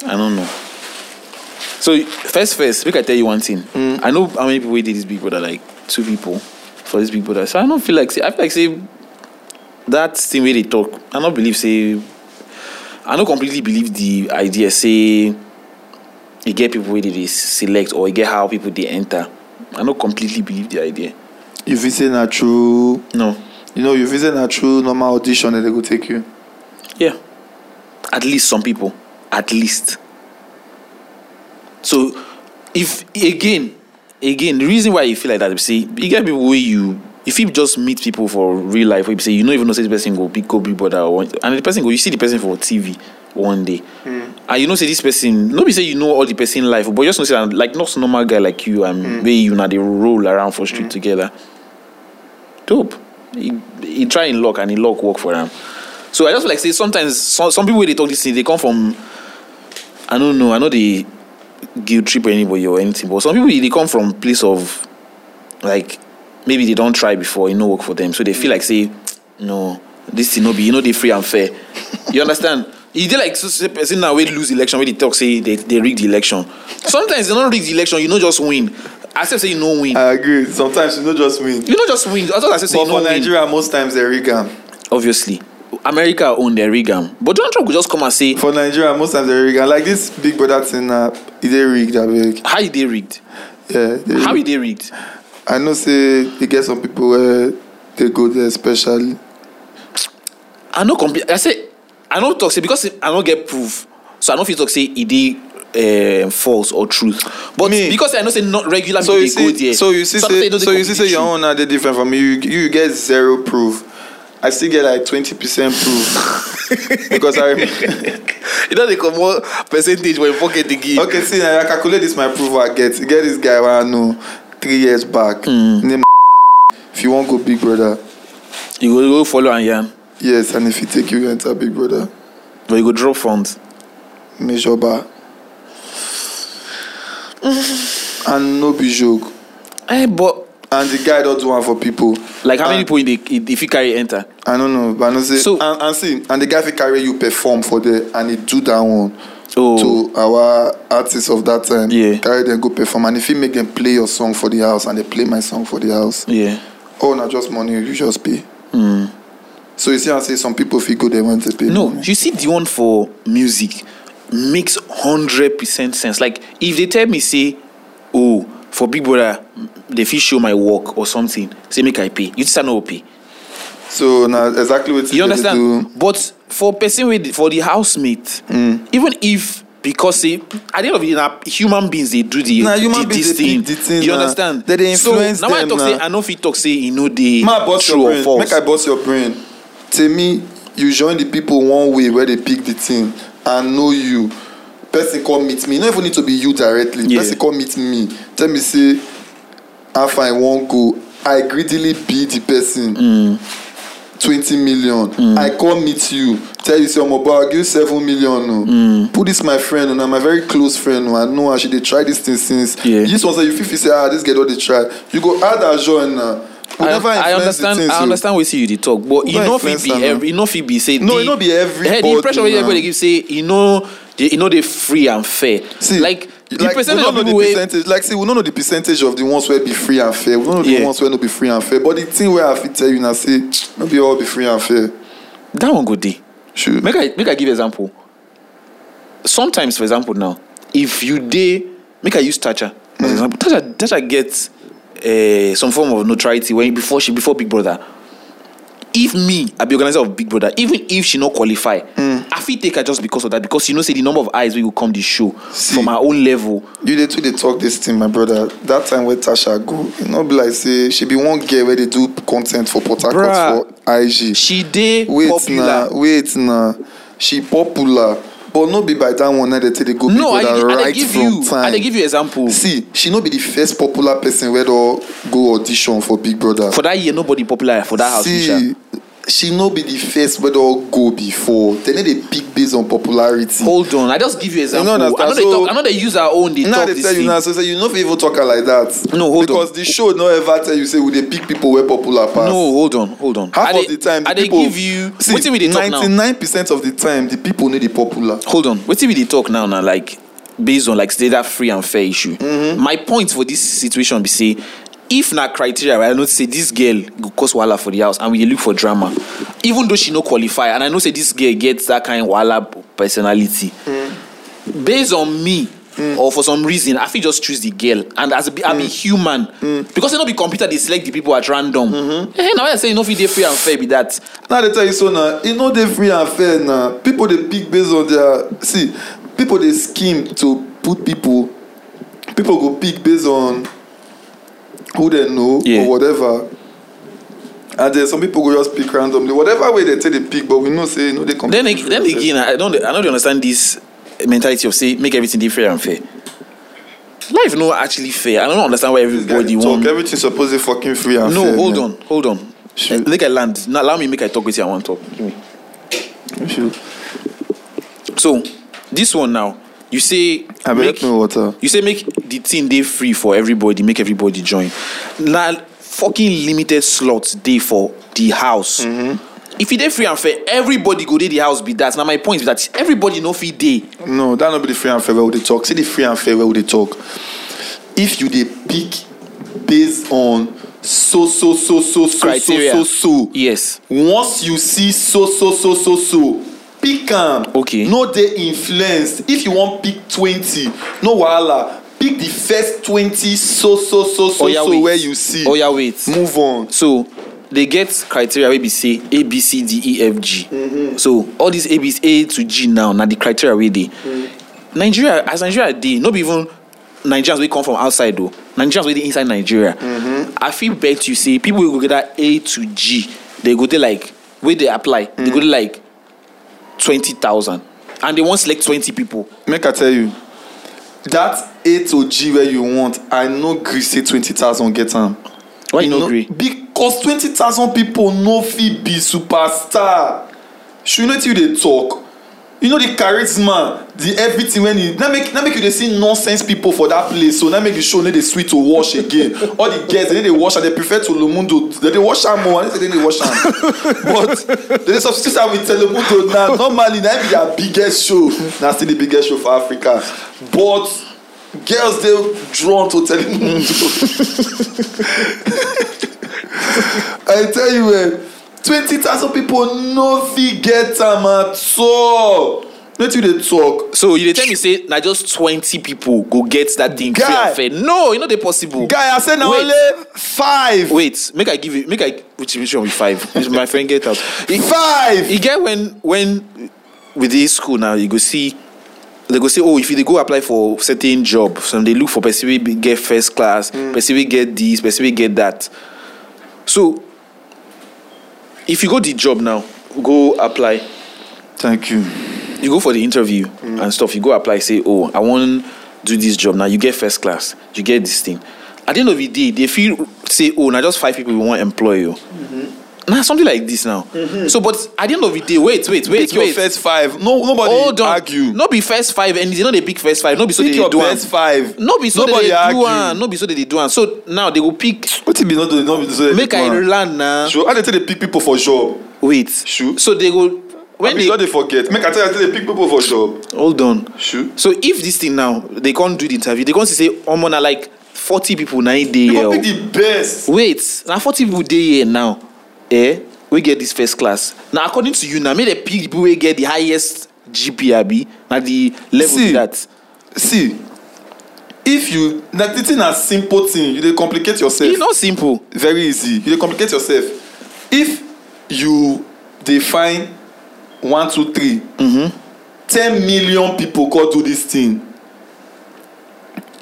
I don't know. So first, first, we can tell you one thing. Mm. I know how many people did this Big Brother, like two people for this Big Brother. So I don't feel like say, I feel like say that thing where they talk, I don't believe say I don't completely believe the idea say you get people where they select or you get how people they enter. I don't completely believe the idea. If it's not true, No. You know, if it's not true, normal audition and they go take you. Yeah. At least some people. At least. So if again again the reason why you feel like that, see you get people where you if you just meet people for real life, where you say you don't even know say person go pick up brother, and the person go you see the person for TV one day, mm. and you know say this person, nobody say you know all the person life, but just know say like not normal guy like you and mm. where you know they roll around for street mm. together. Dope. He, he try in luck and he luck work for them. So I just like say sometimes some, some people when they talk this thing they come from I don't know I know they guilt trip anybody or anything but some people they come from place of like maybe they don't try before it no work for them, so they feel like say no this is no be you know they free and fair you understand e dey like say person now wey lose election wey they talk say they they rig the election sometimes they no rig the election you know just win accept say you no win i agree sometimes you no just win you no just win I accept say you no win but for nigeria most times they rig them, obviously america own dem rig them, but donald trump go just come and say for nigeria most times they rig them, like this big brother thing na is they rigged abeg how is they rigged yeah how is they rigged i know say you e get some people where they go there especially i know, compare i say i no talk say because i no get proof so i no fit talk say it is um, false or truth but me, because i know say not regular so people dey go there so you see so say so you see say your own are they different from me you you get zero proof i still get like twenty percent proof because i you know, they come more percentage for forget pocket again. okay see i calculate this my proof i get e get this guy wey i know three years back mm. name if you want go big brother you go go follow Anyan. yes and if you take you enter big brother but you go drop funds major bar and no be joke Hey, eh, but and the guy don't do am for people. like how and, many people in the if you carry enter. i don't know but i know say so, and and see and the guy fit carry you perform for the and he do that one to to our artists of that time. Yeah. Carry them go perform, and if you make them play your song for the house, and they play my song for the house. Yeah. Oh, not just money you just pay. Mm. So you see, I say some people feel good they want to pay. No, money. you see the one for music makes hundred percent sense. Like if they tell me say, oh, for Big Brother, they feel show my work or something, say make I pay. You just not pay. So now exactly what you understand. Do. But for person with for the housemate, mm. even if because see, at the end of it, na human beings they do the, nah, human the, this thing. The thing. You nah. understand? They, they influence so now them, I talk nah. say I know if you talk say you know the true or false. Make I bust your brain. Tell me, you join the people one way where they pick the thing and know you. Person come meet me. You don't even need to be you directly. Yeah. Person come meet me. Tell me say, I find one go. I greedily be the person. Mm twenty million mm. i come meet you tell you say omo but i give seven million o oh. mm. put this my friend una my very close friend o oh. i know her she dey try this thing since yeah. this one say you fit feel say ah this girl don dey try you go add her join na. Uh, we I understand. I oh. understand wetin you dey talk, but e no fit be every. E no fit be say. No, e be everybody. The impression wey everybody give say e no, e no dey free and fair. See, like the percentage we don't know the percentage. Like, see, we don't know the percentage of the ones where be free and fair. We don't know yeah. the ones where no be free and fair. But the thing where I fit tell you now, say, no be all be free and fair. That one good day. Sure. Make I make I give example. Sometimes, for example, now, if you day, make I use Tacha. Mm. For example, Tacha, Tacha gets uh, eh, some form of notoriety when before she before Big Brother if me i be organizer of big brother even if she no qualify mm. i fit take her just because of that because you know say the number of eyes wey go come the show See, from her own level. you dey too dey talk this thing my brother that time wey tasha go e no be like say she be one girl wey dey do con ten t for port harcourt for ig. she dey popular wait na wait na she popular but not be by that one na dey take dey go people no, that write from you, time. i they give you example. see she not be the first popular person wey don go audition for big brother. for that year nobody popular for that house. see she no be the first but all go before They need a pick based on popularity. hold on i just give you example you know, i no dey so, talk i no dey use her own dey talk this now dey tell you now so say you no fit even talk like that. no hold because on because the show not ever tell you say we dey pick people wey popular pass. no hold on hold on. half I of dey, the time the I people i give you see wetin we dey talk now ninety-nine percent of the time the people need the popular. hold on wetin we dey talk now now like based on like that free and fair issue. Mm-hmm. my point for this situation be say if na criteria right i know say this girl go cause wahala for the house and we dey look for drama even though she no qualify and i know say this girl get that kind wahala personality mm. based on me mm. or for some reason i fit just choose the girl and as i be mm. human because say e no be computer dey select the people at random mm-hmm. eh na why i say you e no fit dey free and fair be that. now i dey tell you so na e no dey free and fair na people dey pick based on their see people dey scheme to put people people go pick based on who they know yeah. or whatever. And then some people go just pick randomly, whatever way they take the pick, but we know say no. they come. Then, ag- then again, I don't I don't understand this mentality of say make everything different fair and fair. Life no actually fair. I don't understand why everybody want. Talk everything supposed to fucking free and no, fair. No, hold man. on, hold on. Sure. Make I land. Now allow me make I talk with you. I want to talk. Give me. So this one now you say I make no water. You say make the thing day free for everybody, make everybody join. Now fucking limited slots day for the house. Mm-hmm. If it e day free and fair, everybody go day the house be that. Now my point is that everybody know free day. No, that not be the free and fair where they talk. See the free and fair where they talk. If you they pick based on so so so so so Criteria. so so so yes. Once you see so so so so so pick am okay no dey influence. if you wan pick twenty no wahala pick the first twenty so so so so oya so wait. wey you see oya wait move on so they get criteria wey be say a b c d e f g mm -hmm. so all these a b a to g now na the criteria wey dey mm. nigeria as nigeria dey no be even nigerians wey come from outside o nigerians wey dey inside nigeria mm -hmm. i fit bet you say people wey go get that a to g They go dey like wey dey apply mm. dey go dey like twenty thousand and they wan select twenty people. make i tell you that eight oji wey you want i no gree say twenty thousand get am. why you no gree. because twenty thousand people no fit be superstar shey know wetin you dey talk you know the charisma the everything when you na make na make you dey see nonsense people for that place so na make the show no dey sweet to watch again all the girls dey dey watch am oh, dey prefer tolomundo dey dey watch am o i know say dey dey watch am but dey dey substitute am with tolomundo now normally na be their biggest show na still the biggest show for africa but girls dey drawn to tolomundo i tell you eh twenty thousand people no fit get am at all wetin you dey talk. so you dey tell me say na just twenty people go get that thing free and fair no e no dey possible. guy i say na only five. wait make i give you make i which which one be five my friend get out. E, five. e get when when we dey school now you go see they go say oh if you dey go apply for certain job some dey look for person wey get first class mm. person wey get this person wey get that so if you go the job now go apply thank you you go for the interview mm. and stuff you go apply say oh i wan do this job now you get first class you get this thing at the end of the day they feel say oh na just five people we wan employ you oh. mm-hmm. Nah, something like this now. Mm-hmm. So, but at the end of the day, wait, wait, wait, pick wait. your first five. No, nobody Hold on. argue. Not be first five, and it's not a big first five. Not be so pick they, your they do first five. Not be so nobody they, argue. do one. No be so they, do one. So now they will pick. What you mean? No, no be so they Make I learn now. Sure, I tell they pick people for sure. Wait. Sure. So they go. When they, sure they forget. Make I tell you, they pick people for sure. Hold on. Sure. So if this thing now they can't do the interview, they can't say, I'm gonna like forty people nine day." You pick the best. Wait, now forty people day here now eh we get this first class Now, according to you now, make the people we get the highest gprb now the level be that. see if you now, the thing na simple thing you dey complicate yourself. E It's not simple. very easy you dey complicate yourself if you define one two three. Mm -hmm. ten million people go do this thing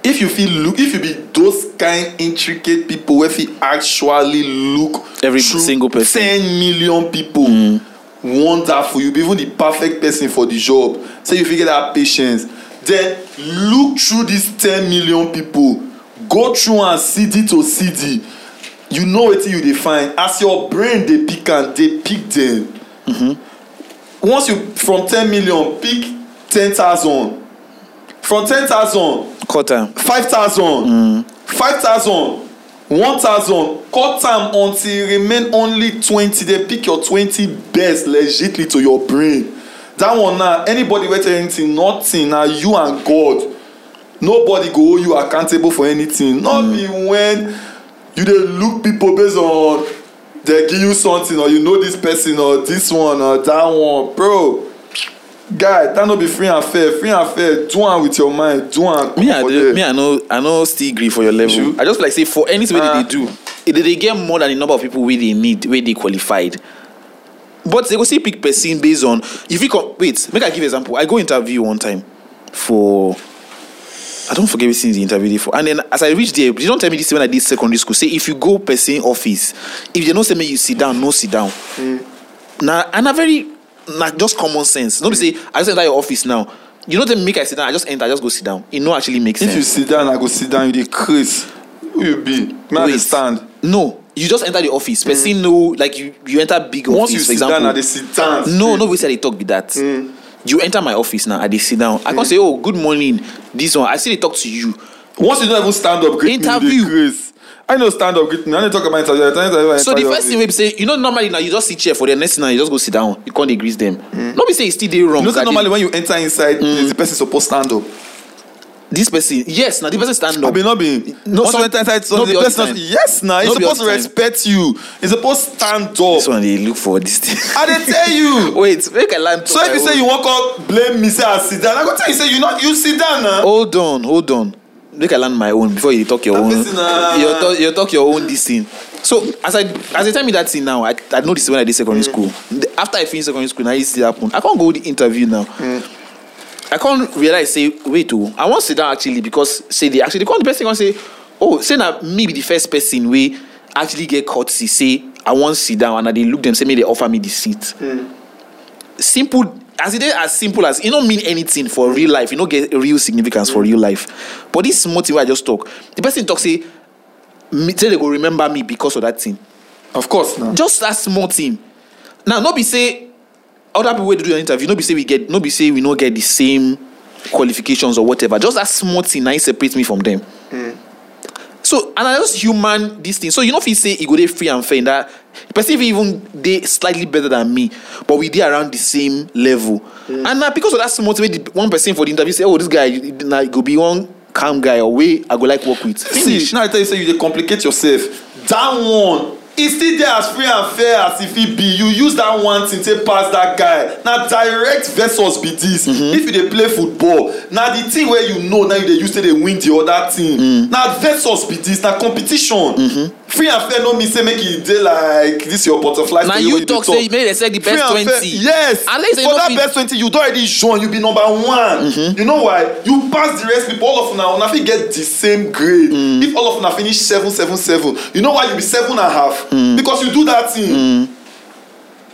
if you fit look if you be those kind intricate people wey fit actually look every single person ten million people mm. want that for you be even the perfect person for the job say so you fit get that patience then look through these ten million people go through am cd to cd you know wetin you dey find as your brain dey pick am dey pick dem mm -hmm. once you from ten million pick ten thousand from ten thousand. cut am. five thousand. five thousand. one thousand cut am until remain only twenty Then pick your twenty best legitly to your brain that one na anybody wey tell anything nothing na you and god nobody go hold you accountable for anything not mm. be when you dey look people based on dey give you something or you know this person or this one or that one bro guy that no be free and fair free and fair do am with your mind do am me i dey me i no i no still gree for your level you? i just like say for anything wey dey ah. do dey eh, dey get more than the number of people wey dey need wey dey qualified but they go still pick person based on if you come wait make i give example i go interview one time for i don forget wetin the interview dey for and then as i reach there they don tell me this when i dey secondary school say if you go person office if they no say make you sit down no sit down mm. na and na very na just common sense no be say i just enter your office now you no tell me make i sit down i just enter i just go sit down e no actually make sense. if you sit down i go sit down you dey craze who you be me i dey stand. no you just enter the office mm. person mm. no like you you enter big once office for example once you sit down i dey sit down. no no wetin i dey talk be that. Mm. you enter my office now i dey sit down i come mm. say oh good morning this one i still dey talk to you. once you don even stand up greet me you dey craze. I know stand up greeting. I know talk about interview. interview so the first thing we say, you know, normally now you just sit chair for the next thing and you just go sit down. You can't greet them. Mm. Nobody say it's e still there wrong. You know, normally when you enter inside, mm. the person supposed stand up. This person, yes, now the person stand up. I mean, not be no. so enter inside, so the person, yes, now it's supposed to respect you. It's supposed to stand up. This one they look for this thing. I they tell you. Wait, make a line. So if you say you walk up, blame me, say I sit down. I go tell you, say you not, you sit down now. Hold on, hold on make i land my own before you talk your own uh, you talk your own this thing so as i as they tell me that thing now i i know this when i dey secondary mm. school after i finish secondary school na it still happen i come go the interview now. Mm. I can't realize say wait oh I wan sit down actually because say they actually come the person come say oh say na me be the first person wey actually get See say I wan sit down and I dey look them say make they offer me the seat. Mm. Simple as it e is as simple as it e don't mean anything for real life e don't get real significance for real life but this motive wey i just talk the person talk say say they go remember me because of that thing. of course na. just that small thing now no be say other people wey do your interview no be say we get no be say we no get the same qualifications or whatever just that small thing na it e separate me from them. Mm. so and I just human this thing so you no know, fit say e go dey free and fair in that person fit even dey slightly better than me but we dey around the same level mm. and na because of that small thing wey the one person for the interview say oh this guy na go be one calm guy or wey i go like work with. finish see now i tell you say you dey complicate yourself that one e still dey as free and fair as e fit be you use that one thing take pass that guy na direct versus be this mm -hmm. if you dey play football na the thing wey you know na you dey use take dey win the other team mm. na versus be this na competition. Mm -hmm free and fair no mean say make you e dey like this your butterfly story you talk na you talk say make they select the best twenty yes for that best twenty you don already join you be number one mm -hmm. you know why you pass the rest people all of una una fit get the same grade mm. if all of una finish seven seven seven you know why you be seven and a half mm. because you do that thing mm.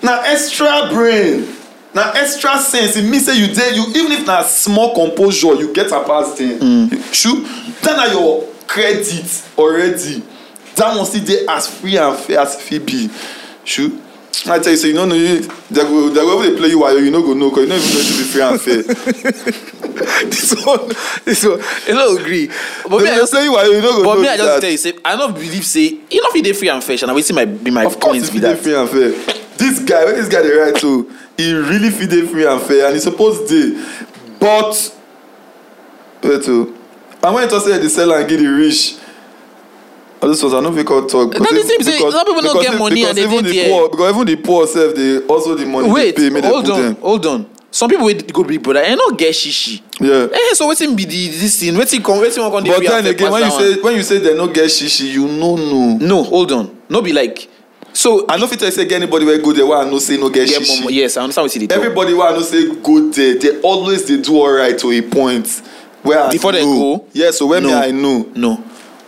na extra brain na extra sense e mean say you dey you even if na small composure you get am pass ten. Mm. shu that na your credit already that one still dey as free and fair as e fit be shu i tell you say you no know you they go they go even dey play you wayo you no go know cause you no even know you be free and fair. this one this one i no agree but me i just tell you wayo you no go know that. but me i just tell you say i no believe say you no fit dey free and fair na wetin my be my point be that of course you fit dey free and fair this guy wey this guy dey write to? Oh, he really fit dey free and fair and he suppose dey but wait o oh, and when he talk say he dey give the rich this was I know because talk. that if, because, say, some people don't get money and they even the poor, because even the poor self they also the money Wait, they pay me hold on, hold on. Some people wey go big brother, I eh, no get shishi. Yeah. Eh, so what's in be the this thing? in come? what's wan come dey But then again, when you say when you say they not get shishi, you know. No, No, hold on. No be like so i know if tell you say get anybody wey good, they want i say no get yeah, shishi mom, yes i understand what you dey everybody want i say good. They dey always they do alright to a point where before i know before dem go yes yeah, so when no. me i know no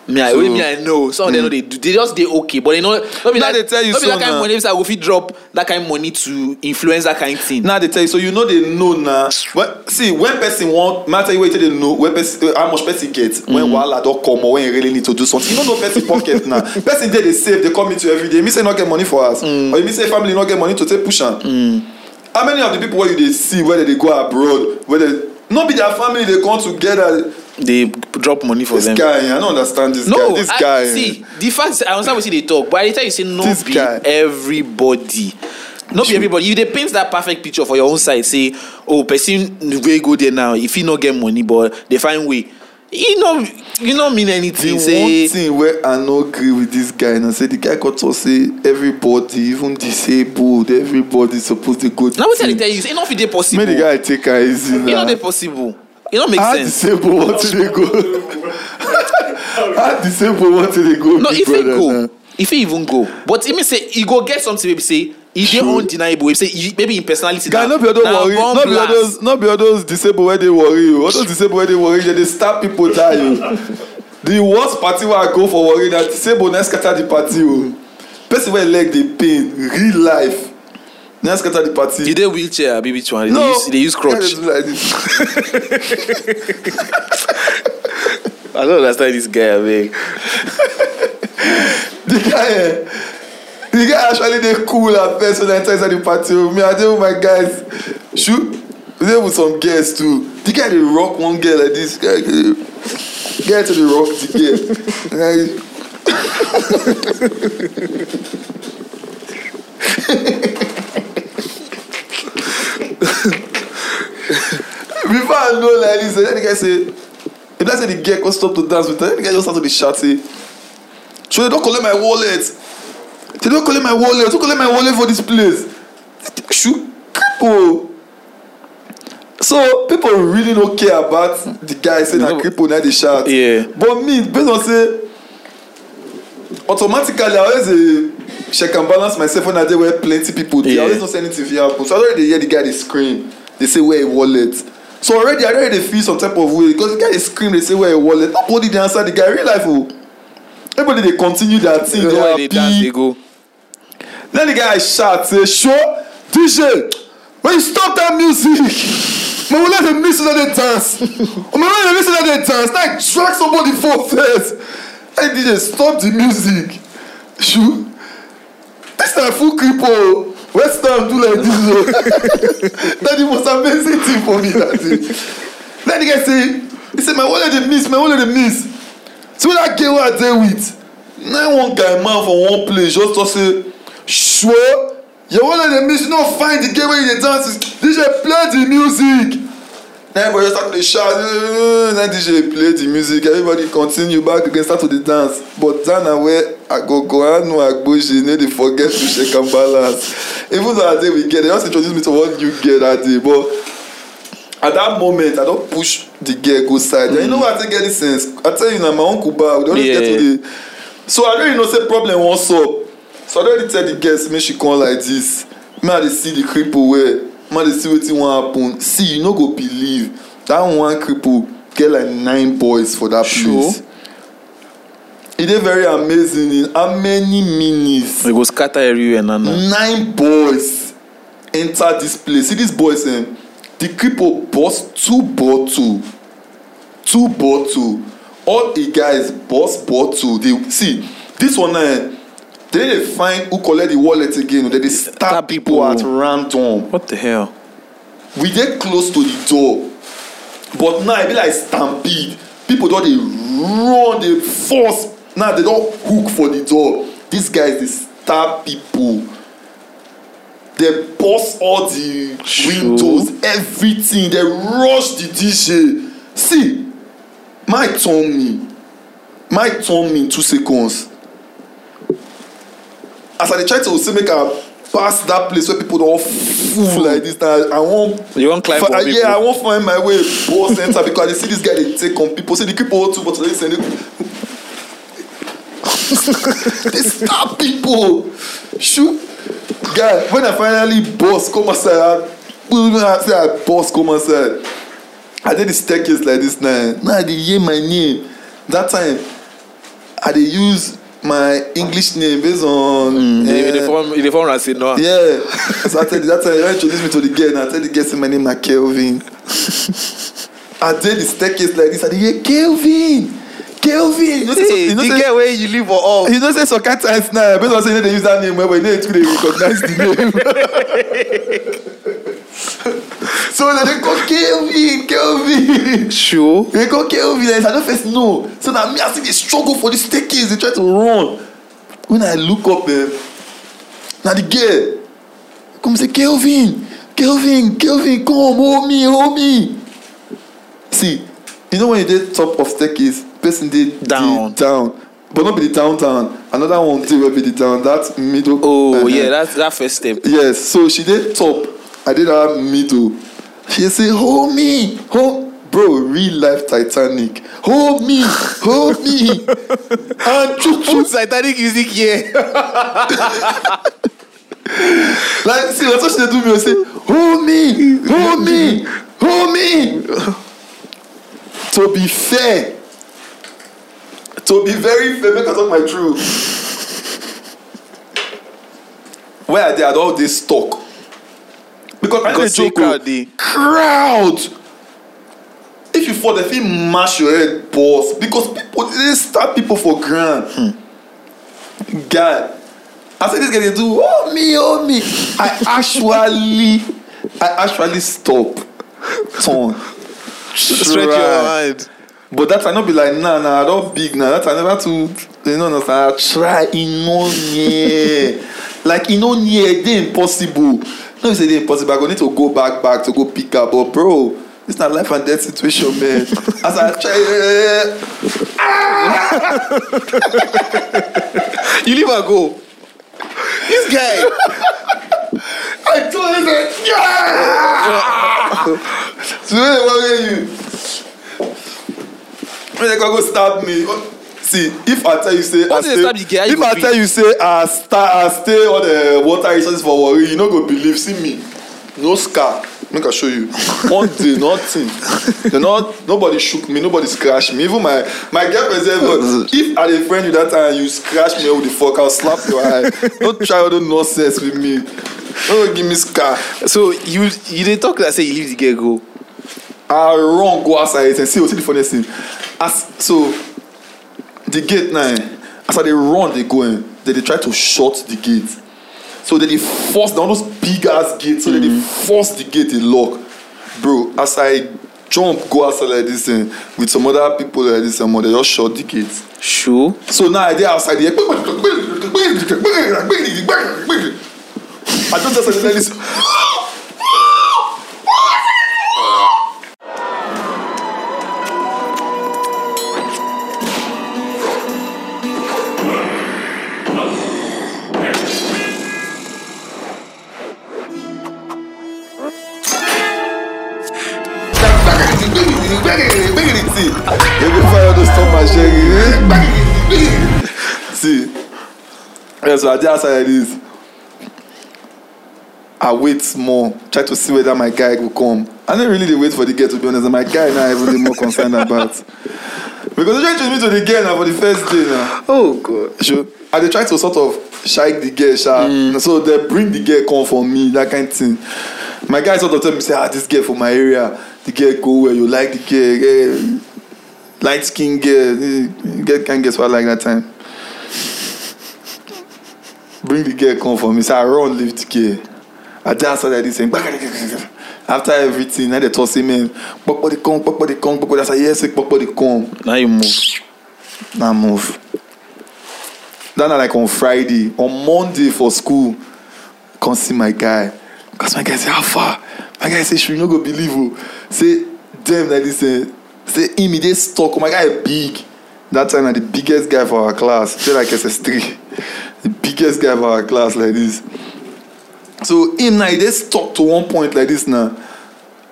me i so, wey me i know some of them hmm. no dey do they just they okay but they know. Not be that no be that kind money wey i go fit drop that kind money to influence that kind thing. Now they tell you so you know they know na when see when person want matter tell you wetin they know when person uh, how much person get mm. when hmm. wahala don't come or when you really need to do something you no know person pocket na person there they save they come into every day Me say not get money for us. mm. or you me say family not get money to take push on. Mm. how many of the people where you they see wey they dey go abroad wey dey no be their family they come together they drop money for this them. This guy, I don't understand this no, guy. This I, guy. See, the fact I understand what they talk, but the time you say no, this be guy. everybody. Not be everybody. You they paint that perfect picture for your own side. Say, oh, person way go there now. If he not get money, but they find way. You know, you not mean anything. The say, one thing where I not agree with this guy, and I say the guy got to say everybody, even disabled, everybody supposed to go. Now what I tell you, it's enough if they possible. Make the guy take her easy. It's e not possible. It don't make I sense. How disabled want to they go? How disabled want to they go? No, if he go, now. if he even go, but he may say he go get something. Maybe say e dey undeniable if say maybe im personality na na bomb blast. no be all those disabled wey dey worry o oh. all those disabled wey dey worry dem dey stab people die o oh. the worst party wey i go for worry na disabled na scatter the party o oh. person wey leg dey pain real life Now scatter the party. Did they wheelchair? Abi which one? No. They use, they use crutch. Yeah, they do like this. I don't understand this guy. man. the guy, eh, the guy actually they cool at first when I enter inside the party. Oh, me, I tell oh my guys, shoot. There was some girls too. The guy they rock one girl like this. Guy, guy to the rock the girl. before I know like this, then eh, the guy say, if let's say the girl come stop to dance with her, then the guy just start to be shouting. So they don't collect my wallet. They don't collect my wallet. Don't collect my wallet for this place. Shoot people. Oh. So people really no care about the guy saying that cripple now they oh, shout. Yeah. But me, based on say, automatically I always uh, check and balance myself when I dey where plenty people dey. Yeah. I always know say anything fit happen. So I don't really hear the guy dey scream they say where a wallet so already i already dey feel some type of way because the guy dey scream dey say where a wallet nobody dey answer the guy real life o oh. everybody dey continue their thing dey happy then the guy shout say sure dj when you stop that music. my wife dey miss you dey dance oh, my wife dey miss you dey dance like drag somebody for first hey dj stop the music shu this na full creep o oh. West Ham do like this. So. that the most amazing thing for me. That day. Let the guy say, he said, my wallet they miss, my wallet they miss. So that girl I deal with, now one guy man for one place just to say, sure, your wallet they miss, you not find the girl where you dance. DJ play the music. Then everybody just start to dey shout then dj play the music everybody continue back again start to dey dance but dana wey agogo anu agboje no dey forget to shake am balance even though I day we get they just introduce me to one new girl that day but at that moment i don push the girl go side mm. you know mm. why i take get this sense i tell you na my uncle ba we don yeah. get to dey so i don't even know say problem wan sup so i don really tell the girl say make she come like this make i dey see the cripple well mother see wetin wan happen see you no go believe that one cripple get like nine boys for that place sure. e dey very amazing in how many minutes they go scatter everywhere na na nine boys enter this place see these boys eh the cripple burst two bottle two bottle all the guys burst bottle they see this one na eh They dey find who collect the wallet again. They stab people, people at random. What the hell? We get close to the door, but now e be like stampede. People don't they run, They force. Now they don't hook for the door. These guys they stab people. They bust all the windows, everything. They rush the DJ. See, my Tommy, my Tommy, two seconds. as i dey try to say make i pass dat place wey pipo don full like dis na i wan. you wan climb up people yeah i wan find my way go center because i dey see dis guy dey take on pipo say the kipu hold two but to send say dey stab pipo shoot guy when i finally burst come outside i am even say i burst come outside i dey dey staircase like dis now now i dey hear my name dat time i dey use. my English name based on. Mm, uh, eh, uniform uniform Rasi Noah. Yeah, so I tell you that time you introduce me to the girl and I tell the girl say my name na Kelvin. I dey the staircase like this I dey hear Kelvin. Kelvin, you know say hey, you know the girl wey you live for all. You know say some kind times now based on say you no dey use that name well but you no dey too dey recognize the name. So na den kon ke ou vin, ke ou vin. Sure? Den kon ke ou vin, like, I don't first So na me, I see they struggle for the staircase, they try to run. When I look up, eh, na the girl, come say, Kelvin, Kelvin, Kelvin, come, hold me, hold me. See, you know when you dey top of staircase, person dey down. down. but not be the downtown another one too wey be the down that middle. oh uh yeah that that first step. yes so she did top i did that middle she say hold me hold bro real life titanic hold me hold me and true titanic music here like see that's what she dey do me o say hold me hold me hold me to be fair to be very fair make i talk my truth where i dey i don dey stuck because person dey take crowd dey crowd if you fall dem fit mash your head burst because people they stab people for ground hmm. guy i say this guy dey do oh me oh me i actually i actually stop turn stretch your hand but that time no be like nah nah i don big nah that time never too you know understand i try e no near like e no near e dey impossible no say dey impossible i go need to go back back to go pick her but bro this na life and death situation man as i try eh, eh, eh. you leave her go this guy i told him say yeah so when they wan get you when they come go stab me see if i tell you say What i stay type of if i tell you say i stay i stay on the water resources for warri you no go believe see me no scar make i show you one day nothing they no nobody shook me nobody scratch me even my my girlfriend say but if i dey friend you that time you scratch me with the fork i slap your eye no try all those nonsense with me no go give me scar so you you dey talk like say you leave the girl go i run go outside and see see the funniest thing as so the gate now eh? as i dey run dey go in eh? they dey try to shut the gate so they dey force down those big ass gates. so mm. they dey force the gate dey lock bro as i jump go outside like this thing eh, with some other people like this and they just shut the gate. sure. so now i dey outside there i just just like this. so I just like this. I wait more, try to see whether my guy will come. I do not really wait for the girl to be honest. my guy now even more concerned about because they tried to meet to the girl now for the first day now. Oh god. Sure. And they try to sort of shake the girl, sha. Mm. So they bring the girl come for me, that kind of thing. My guy sort of tell me, say, ah, this girl for my area, the girl go where you like the girl, girl. Eh, light skin girl, eh, Get can't guess what I like that time. bring the girl come for me so i run leave the girl i just saw that this thing after everything now they talk say man Pop, dey come kpokpo dey come kpokpo dey say yes say kpokpo come now you move now move Then na like on friday on monday for school come see my guy cause my guy say how far my guy say she no go believe o oh? say dem na this thing eh. say him e dey stuck oh. my guy big that time na the biggest guy for our class dey like ss3 get this guy for our class like this so him now he dey stuck to one point like this now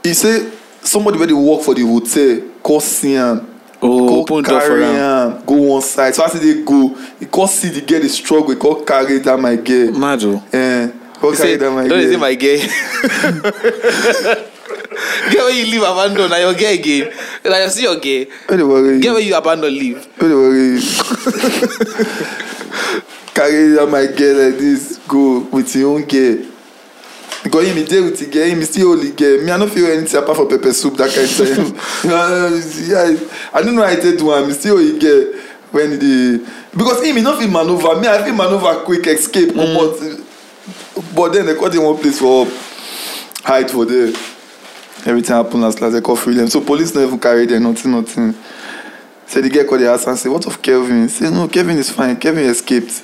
he say somebody wey dey work for the hotel come see am oh, come carry am go one side so as he dey go he call see the girl dey struggle he call carry that my girl mad o oh. eh, come carry that my girl don't dey say my girl get where you leave abandon na your girl again na your see your girl get where you abandon leave. carry all my girl like this go with him own girl because him dey with the girl him still holy girl me i no feel anything apart from pepper soup that kind of time i don't know how i take do am he still holy girl when he dey because him he no fit manoeuvre me i fit manoeuvre quick escape comot mm. but then they call him one place for up hide for there everything happen last last they call free them so police no even carry them nothing nothing so the girl call the house and say what of kelvin say no kelvin is fine kelvin escaped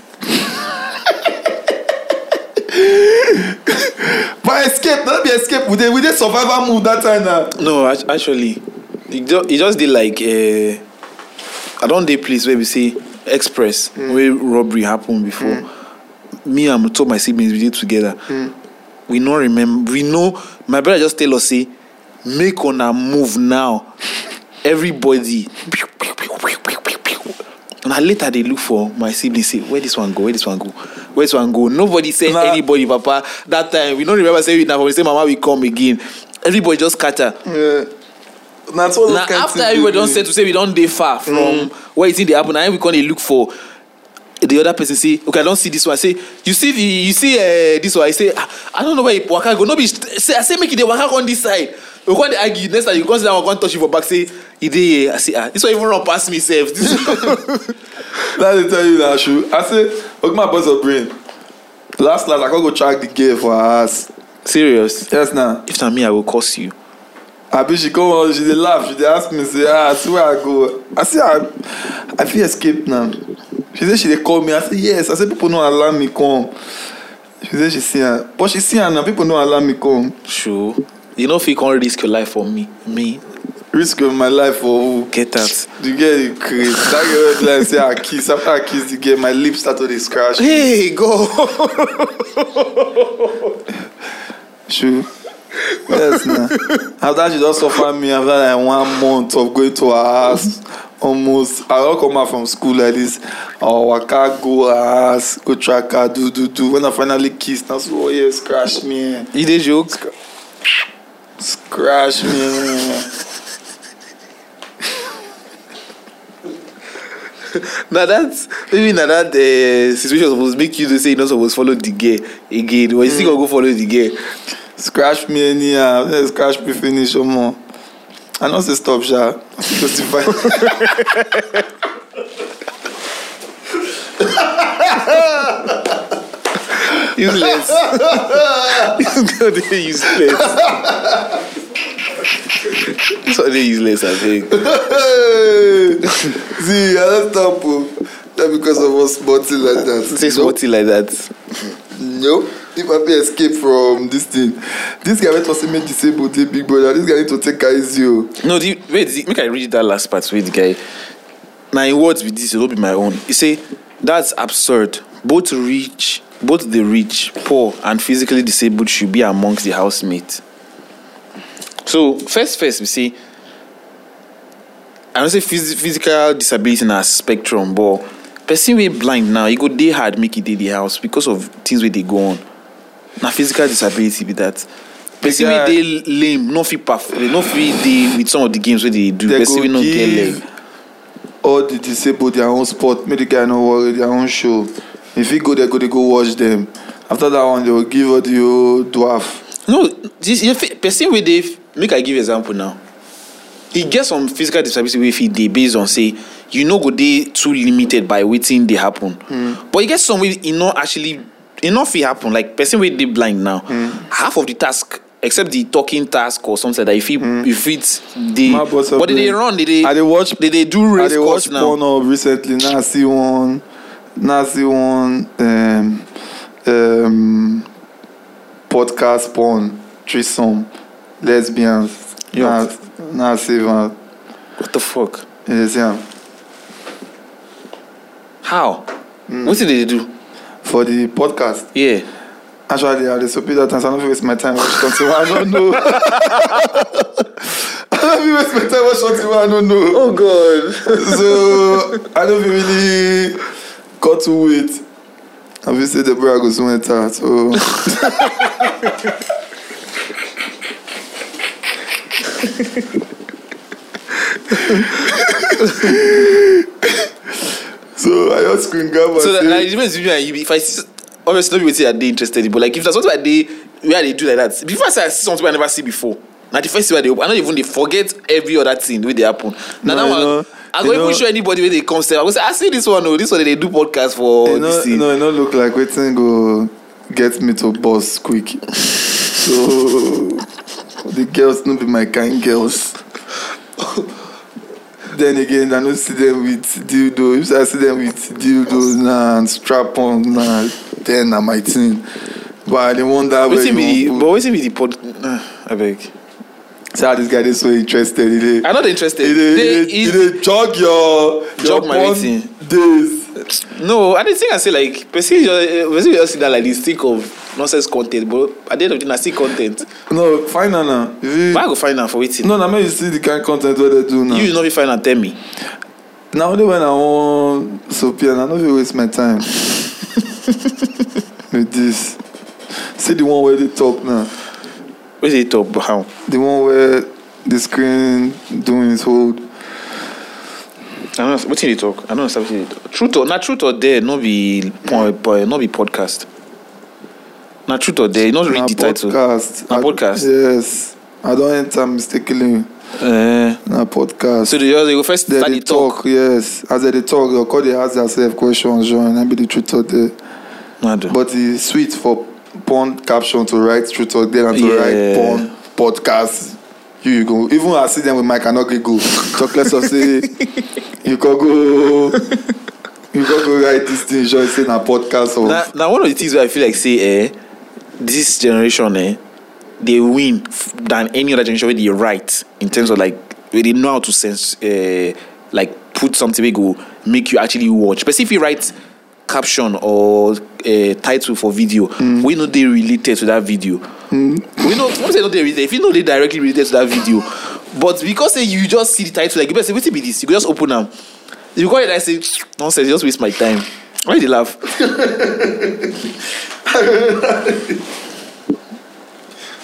but escape no be escape we dey we dey survival move that time na. no actually e just e just dey like uh, i don dey place wey be say express mm. wey robbery happen before mm. me and two of my siblings we dey together mm. we no remember we know my brother just tell us say make una move now everybody And later they look for my siblings. Say, where this one go? Where this one go? Where this one go? Nobody said nah. anybody, Papa. That time we don't remember saying now. We say, Mama, we come again. Everybody just scatter. Yeah. Now, after everybody don't say to say we don't dey far from mm. where it the happen, now we come they look for the other person say okay i don see this one i say you see the you see uh, this one i say ah i don know where e waka go no be say i say make you dey waka come this side we go dey argue next time you come see that one come touch you for back say e dey here i say ah this one even run pass me sef this. na me tell you na true i say okuma voice of brain last last i come go track the girl for her house. serious yes na. if na me i go curse you. abi she come on she dey laugh she dey ask me say ah see where i go i say i ah, i fit escape now She said she they call me. I said yes. I said people don't allow me come. She said she see her, but she see her now. People don't allow me come. Sure. You know if you can't risk your life for me, me. Risk of my life for who? Get that. You get it crazy. that girl like say I kiss. After I kiss the girl, my lips start to scratch. Hey, go. sure. yes, now. After she just offered me after like one month of going to her house. almost i eu come out from school like this or oh, waka go ass, house go track do do do when i finally kiss na so oh yes, scratch me. you é joke. Scr scratch me. não that maybe não that uh, situation suppose make you know say you não suppose follow the girl again but you mm. still hmm. go go follow the girl. scratch me anyhow não scratch me finish omo. Um, a know say stop, Sha. Justify. useless. This girl dey useless. This one dey useless, I think. See, I don't stop. That because of us smutty like that. Say smutty like that. No. if Mbappe escape from this thing this guy went to say make disabled, dey big brother this guy need to take care of you. no the wait the, make i read that last part with the guy My im words with this it will be my own You say that's absurd both rich both the rich poor and physically disabled should be amongst the housemates so first first we see. i don't say phys physical disability in our spectrum but person wey blind now e go day hard make it day the house because of things where they go on Na fizikal disabiliti bi dat. Pese mi dey lame. Non fi paf. Non fi dey mit son o di genz we di do. Pese mi non gen lame. O di disabilite anon spot. Mi di gen anon show. Mi fi go dey go dey go watch dem. Afta da anon dey o give o di yo dwarf. No. Pese mi we dey. Mi ka give example nou. I gen son fizikal disabiliti we fi dey. Bez on se. You nou go dey too limited by we tin dey happen. Hmm. Bo i gen son we inon actually. enough it happen like person wey dey blind now mm. half of the task except the talking task or something like that if it mm. if it's the but did they run they they, I they watch they, they do race I they watch now. porn of recently now I see one now I see one um, um, podcast porn threesome lesbians now, now I see one what the fuck yes yeah how mm. what did they do for the podcast. Yeah. Actually, I just hope that I'm not waste my time watching something I don't know. I don't waste my time watching something I don't know. Oh God. so I don't really got to it. Obviously, the bro goes soon enter. So. so I just couldn't grab myself. So that, like, the difference you, if I see, obviously not be wetin they interested in, but like if there's something I dey where they do like that, before I say I see something I never see before, na the first thing they, open, I no even they forget every other thing wey they happen. Now no, that one. I go even show anybody where they come sef. I say, I ah, see this one oh this one they do podcast for you know, this thing. No, e no look like waiting go get me to boss quick. so the girls no be my kind girls. then again i no see dem with dildo if i see dem with dildo na on na dem na my thing but i dey wonder where you wan put be di but wetin be di pod ah, abeg see how dis guy dey so interested he dey i no dey interested he dey he your my meeting your past days. No, I didn't think I say like basically just, basically eh, just see that like the stick of nonsense content, but at the end of the day, I see content. No, find her now. Why I go find her for waiting? No, now make you see the kind of content where they do now. You not be find her, tell me. Now only when I want Sophia, I don't feel waste my time with this. See the one where they talk now. Where they talk how? The one where the screen doing his whole I know what you talk. I know Truth or not truth or dare no be point no be podcast. Not truth or dare not read the title. podcast. Yes. I don't enter mistakenly. Eh. podcast. So the other first talk. Yes. As they talk, they call they ask themselves questions join. Na be the truth or dare. But it's sweet for porn caption to write truth or dare and to write porn podcast. you go even as see them with mic i no gree go chocolate sauce say you go go you go go write dis thing join say na podcast or. na na one of the things wey i feel like say eh this generation eh dey win than any other generation wey dey write in terms of like wey dey know how to sense eh, like put something wey go make you actually watch person fit write caption or eh, title for video mm. We know they related to that video mm. we know. no say no dey related if you know they directly related to that video but because say you just see the title like you better say wetin be this you go just open am you go realize say nonsense you just waste my time why you dey laugh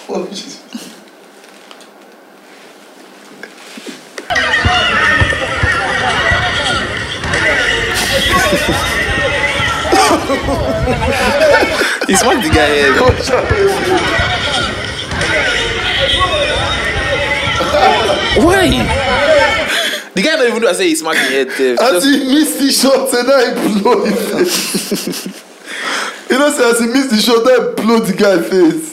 oh jesus He's one the guy here. Why? The guy not even know I say he smacked the head. There. As just... he missed the shot, and I blow his face. you know, say as he missed the shot, I blow the guy face.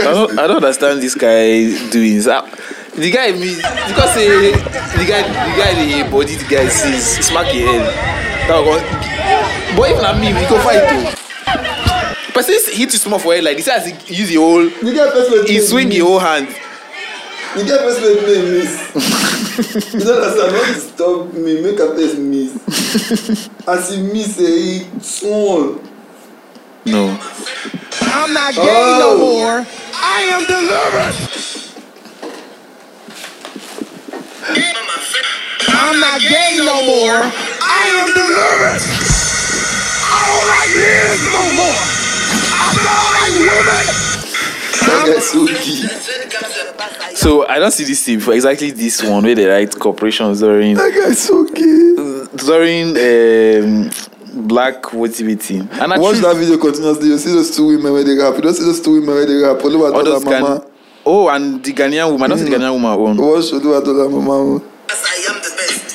I don't, I don't understand this guy doing. So, ah, the guy, because uh, the guy, the guy, the body, the guy sees smack his head. That was, but even at me, we can fight too. But since he too small for it, like this has he use the whole. He swing the whole hand. You get first leg play miss. you don't understand. Don't stop me. Make a first miss. As eh, he miss, he swan. No. I'm not gay oh. no more. I am delivered. I'm not gay no more am delivered. I don't no more. I don't like women. So, so I don't see this thing for exactly this one where they write corporations during that guy's so gay. during um, black motivating. And I watch that video continuously. You see those two women where they rap. You don't see those two women where they rap. Oluwa Tola Mama. Can, oh, and the Ghanaian woman. I Mm. Not the hmm. Ghanaian woman. One. Watch Oluwa Tola Mama. Yes, I am the best.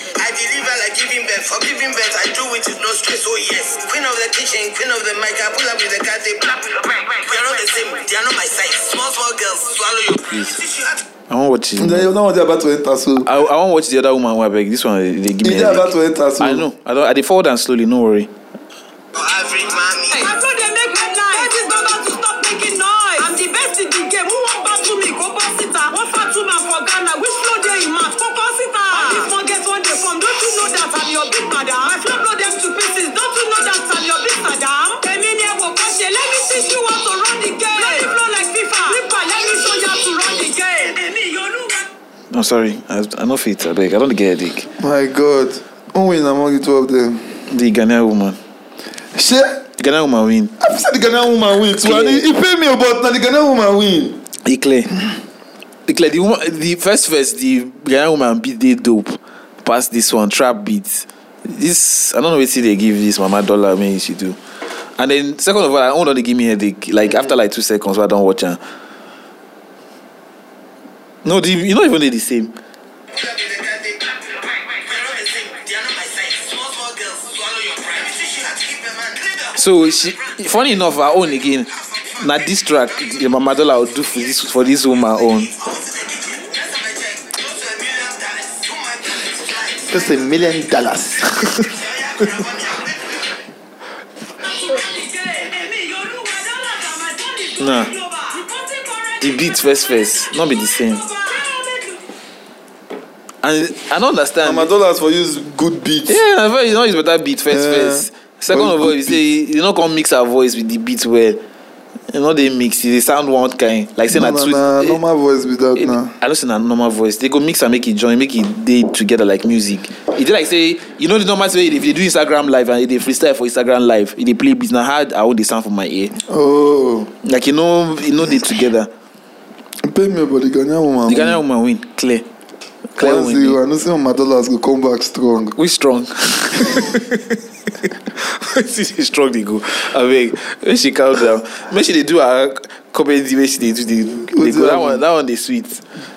no stress, oh yes. Queen of the kitchen, queen of the mic, I pull up with the cat, they blap. They are not the same, they are not my size. Small, small girls, swallow your please. I won't watch it. No, you don't about to enter so. I, I won't watch the other woman who I beg. This one, they give me. You about to enter so. I know. I I they fall down slowly. No worry. or average mommy. I know they make me This is this brother to stop making noise. I'm the best in the game. Who won't battle me? Go pass it out. One fat woman for Ghana. Which flow they in match? Go pass it out. And if one gets one day from, don't you know that I'm your big madam? My flow blow them to pieces. Don't you know that I'm your big madam? Let me near what question. Let me teach you how to run the game. Let me flow like FIFA. Ripper, let me show you how to run the game. I'm sorry, I, I'm not fit, I beg. I don't get a dick. My God, who win among the two of them? The Ghanaian woman. shey ghana woman win after say the ghana woman win and e pain pay me but na the ghana woman win. e clear e clear di woman the first first di ghana woman beat dey dope pass dis one trap beat dis i no know wetin dey give dis mama dollar me she do and then second of all i own don dey give me headache like afta like two seconds wey i don watch am no di you no even dey the same. so she funny enough her own again na this track the mama dollar do for this for this woman own. just a million dollars. nah. The beat first first not be the same. And I don't understand. Mama dollars for use good beat. Yeah, na very you know use better beat first yeah. first second of all you say you no come mix her voice with the beat well you no dey mix e dey sound one kind like say na two na eh, normal voice be that eh, na i know say na normal voice they go mix am make e join make e dey together like music e dey like say you know the normal way if you dey do instagram live and you dey freestyle for instagram live you e dey play beat na hard i hold the sound for my ear oh like you no you no dey together pay me but the ghanaian woman the ghanaian woman win clear clean with you eh? i no see how my dollars go come back strong. We strong. wetin she strong dey go abeg make she calm down make she dey do her comedy make she dey do dey go that one that one dey sweet.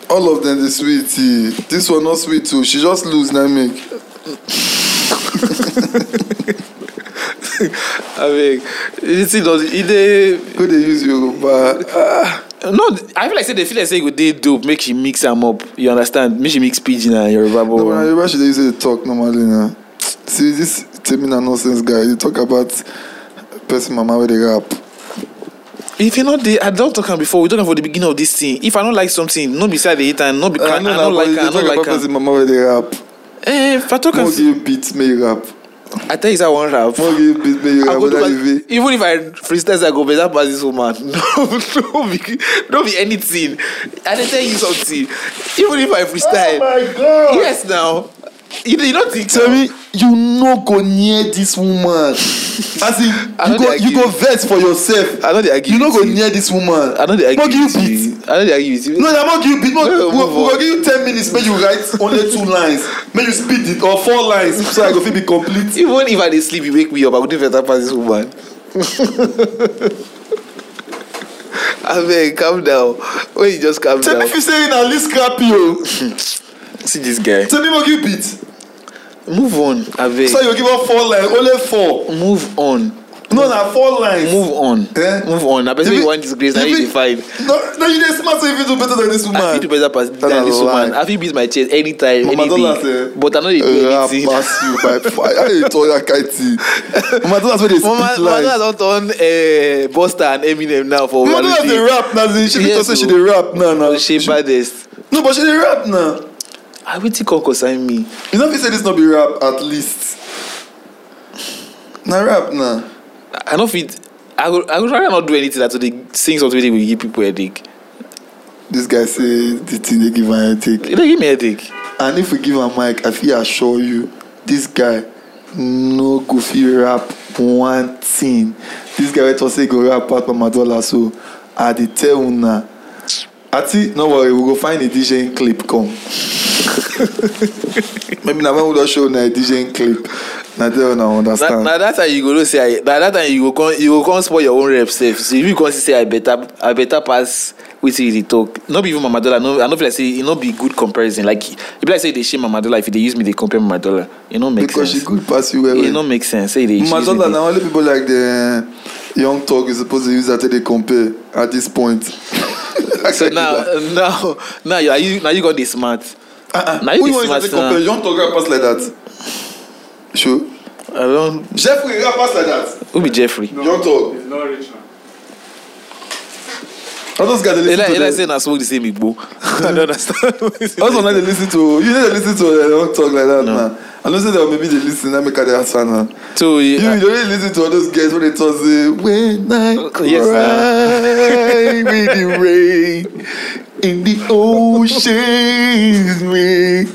all of dem dey sweet eh? this one not sweet o oh. she just lose na make. abeg you tink e dey wey dey use yoruba. Ah. No, I feel like say they feel like say go dey dope make she mix them up. You understand? Make she mix pidgin and Yoruba boy. No, man, Yoruba should use the talk normally now. See this terminal nonsense guy. You talk about person mama where they rap. If you know the I don't talk before, we talking for the beginning of this thing. If I don't like something, not beside the hate and not be I, I, I don't like I don't like person mama where they rap. Eh, if I talk no, you beat me rap. I tell you, say I won't rap. Okay, please, may you rap without the Even if I freestyle, I go better pass this woman. No, no be, no be anything. I dey tell you something. Even if I freestyle. Oh my God. Yes, now you, you don't think Sammy, you no go near this woman as in you go you go vex for yourself i no dey argue you no go near this woman i no dey argue with you i no dey argue no na mo give you beat mo we go give you ten minutes make you write only two lines make you speed it or four lines so i go fit be complete even if i dey sleep you wake me up i go do better pass this woman abeg calm down when you just calm down tell me if you say na least scrappy o. Oh. see this guy. Tell me you beat. Move on, abeg. So you give up four lines, only four. Move on. No, na four lines. Move on. Eh? Move on. I bet you want disgrace, now you dey five. No, no, you dey smart, so if you do better than this woman. I fit do better pass, than this woman. I fit beat my chest anytime, Mama anything. Dollars, eh. But I no dey do uh, anything. I pass you by five. I dey talk that kind thing. Mama Dollars wey dey speak like. Mama Dollars don turn uh, Buster and Eminem now for one day. Mama Dollars oh. dey rap now. She be talk say she dey rap now. She baddest. No, but she dey rap now i wetin come concern me. you no fit say dis no be rap at least na rap na. i no fit i go i go try not do anything that to dey sing something wey dey give people headache. This guy say the thing dey give am headache. e dey give me headache. and if we give am mic i fit assure you This guy no go fit rap one thing This guy wey talk say he go rap pass mama dollar so i dey tell una ati no worry we go find a DJ clip come. Maybe now when we show na DJing clip, na there na understand. Now that time you go say, now that time you go come, you go come spoil your own rep safe. So if you to say I better, I better pass with you the talk. Not be even Mama Dollar. No, I know I say it e not be good comparison. Like if e like say they e shame Mama Dollar, if they use me, they compare Mama Dollar. It not make because sense. Because she could pass you well. It not make sense. Say they. Mama Dollar now only people like the uh, young talk is supposed to use that they compare at this point. so now, now, now you are you now you got the smart. Ah, ah. na you be smart who you wan use as a you wan talk rappers pass like that sure I don't jeffrey rappers pass like that who be jeffrey you don't talk he's not rich now. all those guy dey listen Eli, to Eli elah say na smoke the same igbo i don understand why some of them listen to you dey to listen to me when i don talk like that na. I don't say that maybe they listen and make a their fan. Huh? So yeah, you, uh, you don't really listen to all those girls when they talk say when I oh, oh, cry yes, uh. with the rain in the ocean. me.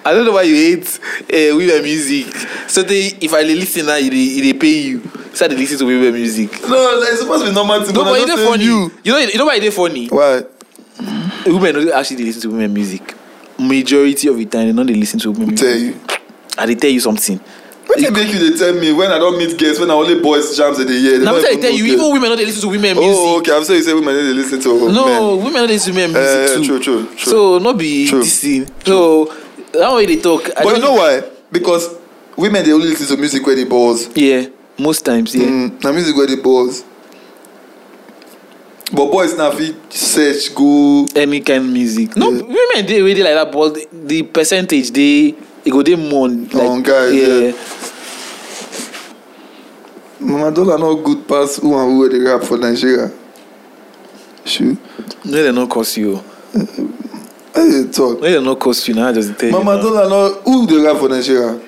I don't know why you hate uh, women music. So they, if I listen now, it they, they pay you. So they listen to women music. No, like, it's supposed to be normal. To no, but it's e funny. You. you know, you know why it's e funny. Why? Women don't actually listen to women music majority of the time dem no dey lis ten to women. tell you. i dey tell you something. wetin make you dey tell me when i don meet girls when na only boys jams dey dey hear. na wetin i dey tell you even women no dey lis ten to women oh, music. oh okay i'm sorry you say women no dey lis ten to no, men. no women no dey lis ten to women eh, music uh, too. true true true. so no be true. this thing. so that one dey talk. I but you know why because women dey only lis ten to music wey dey balls. yeah most times yeah. Mm, na music wey dey balls. But boys now fit search go any kind music. No, women they really like that, but the percentage they it go they more like on oh, guys. Yeah. yeah. Mama no good pass who and who they rap for Nigeria. Sure. No, they no cost you. I talk. No, they no cost you. Now I just tell Mama you. no who they rap for Nigeria.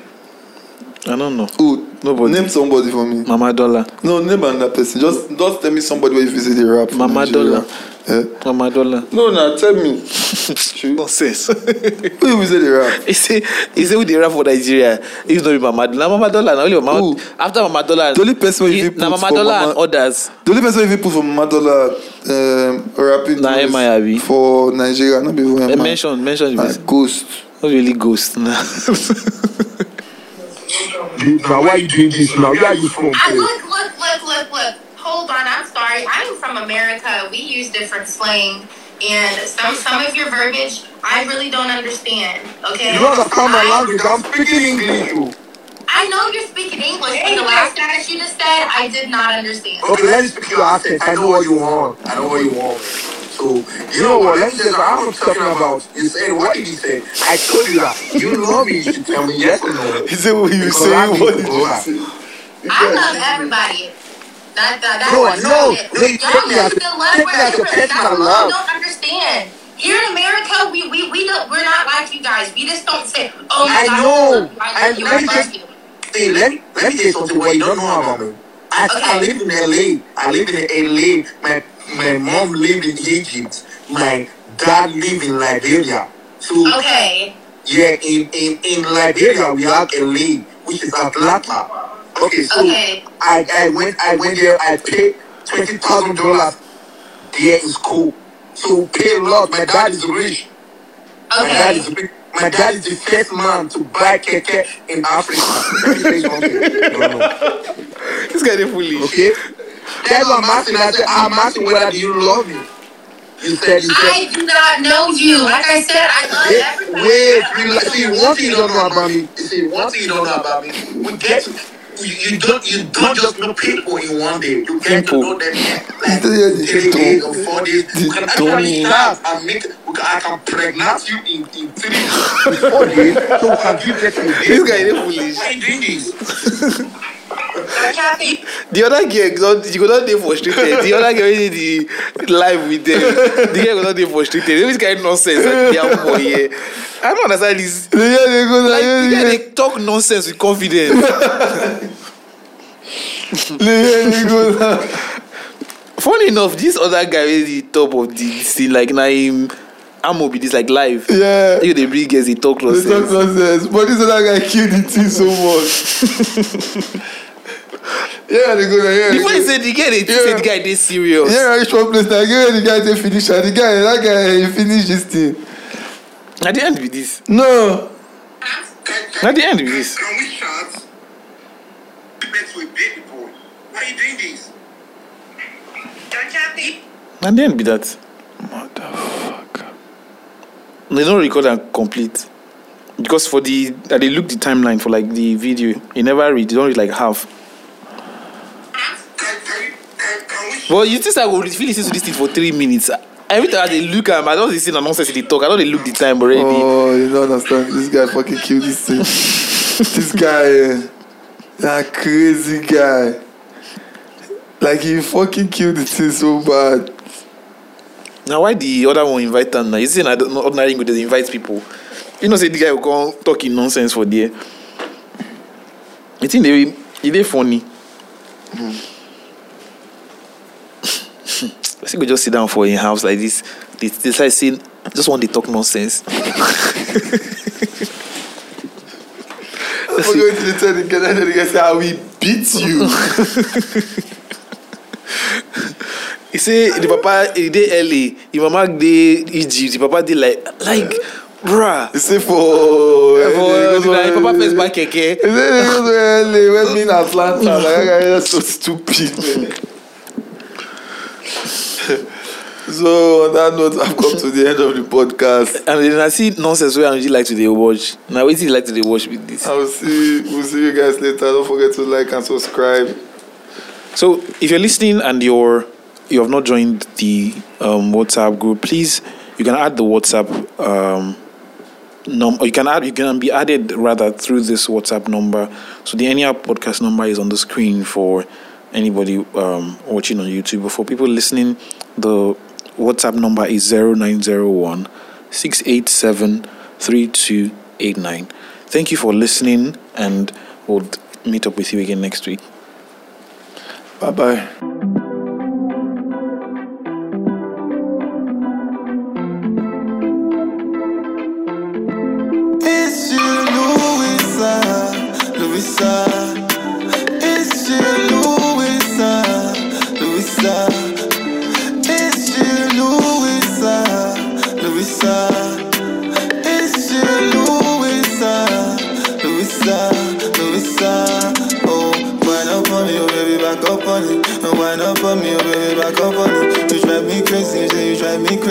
I don't know. Nobody. Name somebody for me. Mama Dollar. No, name another person. Just just tell me somebody where you visit the rap. Mama Dollar. Eh? Mama Dollar. No, no, tell me. Nonsense. who you visit the rap? He say he say who the rap for Nigeria. If not be Mama Dollar, Mama Dollar now only Mama. Who? After Mama Dollar. The only person where you fit put for Mama. Dollar and others. The only person where you fit put for Mama Dollar um, rapping na Emma Abi. For Nigeria, Not be for Emma. Eh, mention mention ah, Ghost. Not really Ghost. Nah. Now, why are you doing this now? Where are you from? look, look, look, look, look. Hold on, I'm sorry. I'm from America. We use different slang. And some some of your verbiage, I really don't understand. Okay? You don't understand my language. I'm speaking English. I know you're speaking English, but the last thing that you just said, I did not understand. Okay, let me speak your accent. I know what you want. I know what you want school. You, know what? Let me just, I am talking about, you said, what did you say? I told you that. You love me, you should tell me yes or no. Is it what you say? What did you say? I love everybody. That, that, that no, no, no, you take me as a person I love. don't understand. Here in America, we we we don't, we're not like you guys. We just don't say, "Oh my I God, know. I love you. I, I love you." See, let, me tell something what you don't know about me. I, okay. I live in LA. I live in LA. My my mom lived in Egypt, my dad lived in Liberia. So okay. Yeah, in, in, in Liberia we have a league which is Atlanta. Okay, so okay. I, I went I went there, I paid twenty thousand dollars there in school. So pay a lot. My dad is rich. Okay. My dad is rich. My dad is the first man to buy keke in Africa. this guy is foolish. Okay. That's what I'm asking. I said, I'm asking ah, whether do you love me? You said, you said, I do not know you. Like I said, I love everybody. Wait, see, one thing you don't know about me. See, one thing you don't know about me. We get you, you don't you don't just know people in one day. You get people. to know them like three days or four days. You can actually start and make I can pregnant you in in three four days to have you take your day? dis guy dey this? the other girl you go not dey prostrated the other girl wey dey the live with dem the girl go not dey for street kind of nonsense i be for here. I no understand dis. dey go like. the guy dey talk nonsense with confidence funny dey go enough this other guy wey dey top of the tvc like na him. Amo be this like live. Yeah. You the big guys, he talk nonsense. They talk nonsense. But this other guy killed the team so much. yeah, they go there. Yeah, Before he said the guy, they yeah. said the guy they serious. Yeah, I reach one place now. Give the guy they finish. the guy, that guy, he finished this thing. At the end with this. No. At the end with this. Can we shout? Pigments were baby boy. Why you doing this? Don't you happy? And then be that. Motherfucker. they don't record and complete because for the uh, they look the timeline for like the video you never read you don't read like half but you think i go fit lis to this thing for three minutes every time they dey look am i don't listen see nonsense They talk i don't dey look the time already. oh you don't understand this guy fucking killed this thing this guy eh, that crazy guy like he fucking killed the thing so bad Now why the other one invite them? na you see na ordinary go dey invite people you know say the guy go come talk nonsense for there I think they they dey funny hmm. think we just sit down for him house like this dey decide say just want to talk nonsense. I'm going to tell the guy, the guy say, I will beat you. He say the papa he did LA, the mama did Egypt, the papa did like like bruh. He say for for the papa face back keke. He say he goes to LA, went me Atlanta. Like that guy is so stupid. so on that note i've come to the end of the podcast and then i see nonsense wey angie like to dey watch na wetin you like to dey watch be this. i will see we will see you guys later don't forget to like and subscribe. so if you're listening and you're you have not joined the um, WhatsApp group, please you can add the WhatsApp um, you can add you can be added rather through this WhatsApp number. So the Anyhow podcast number is on the screen for anybody um, watching on YouTube. But for people listening, the WhatsApp number is 0901 687 3289. Thank you for listening and we'll meet up with you again next week. Bye bye.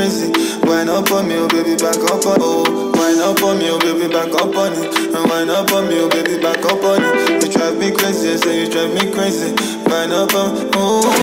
currency. Wine up on me, oh baby, back up on oh. Why not on me, oh baby, back up on it. And why not on me, oh baby, back up on it. You drive me crazy, say so you drive me crazy. Why not on oh.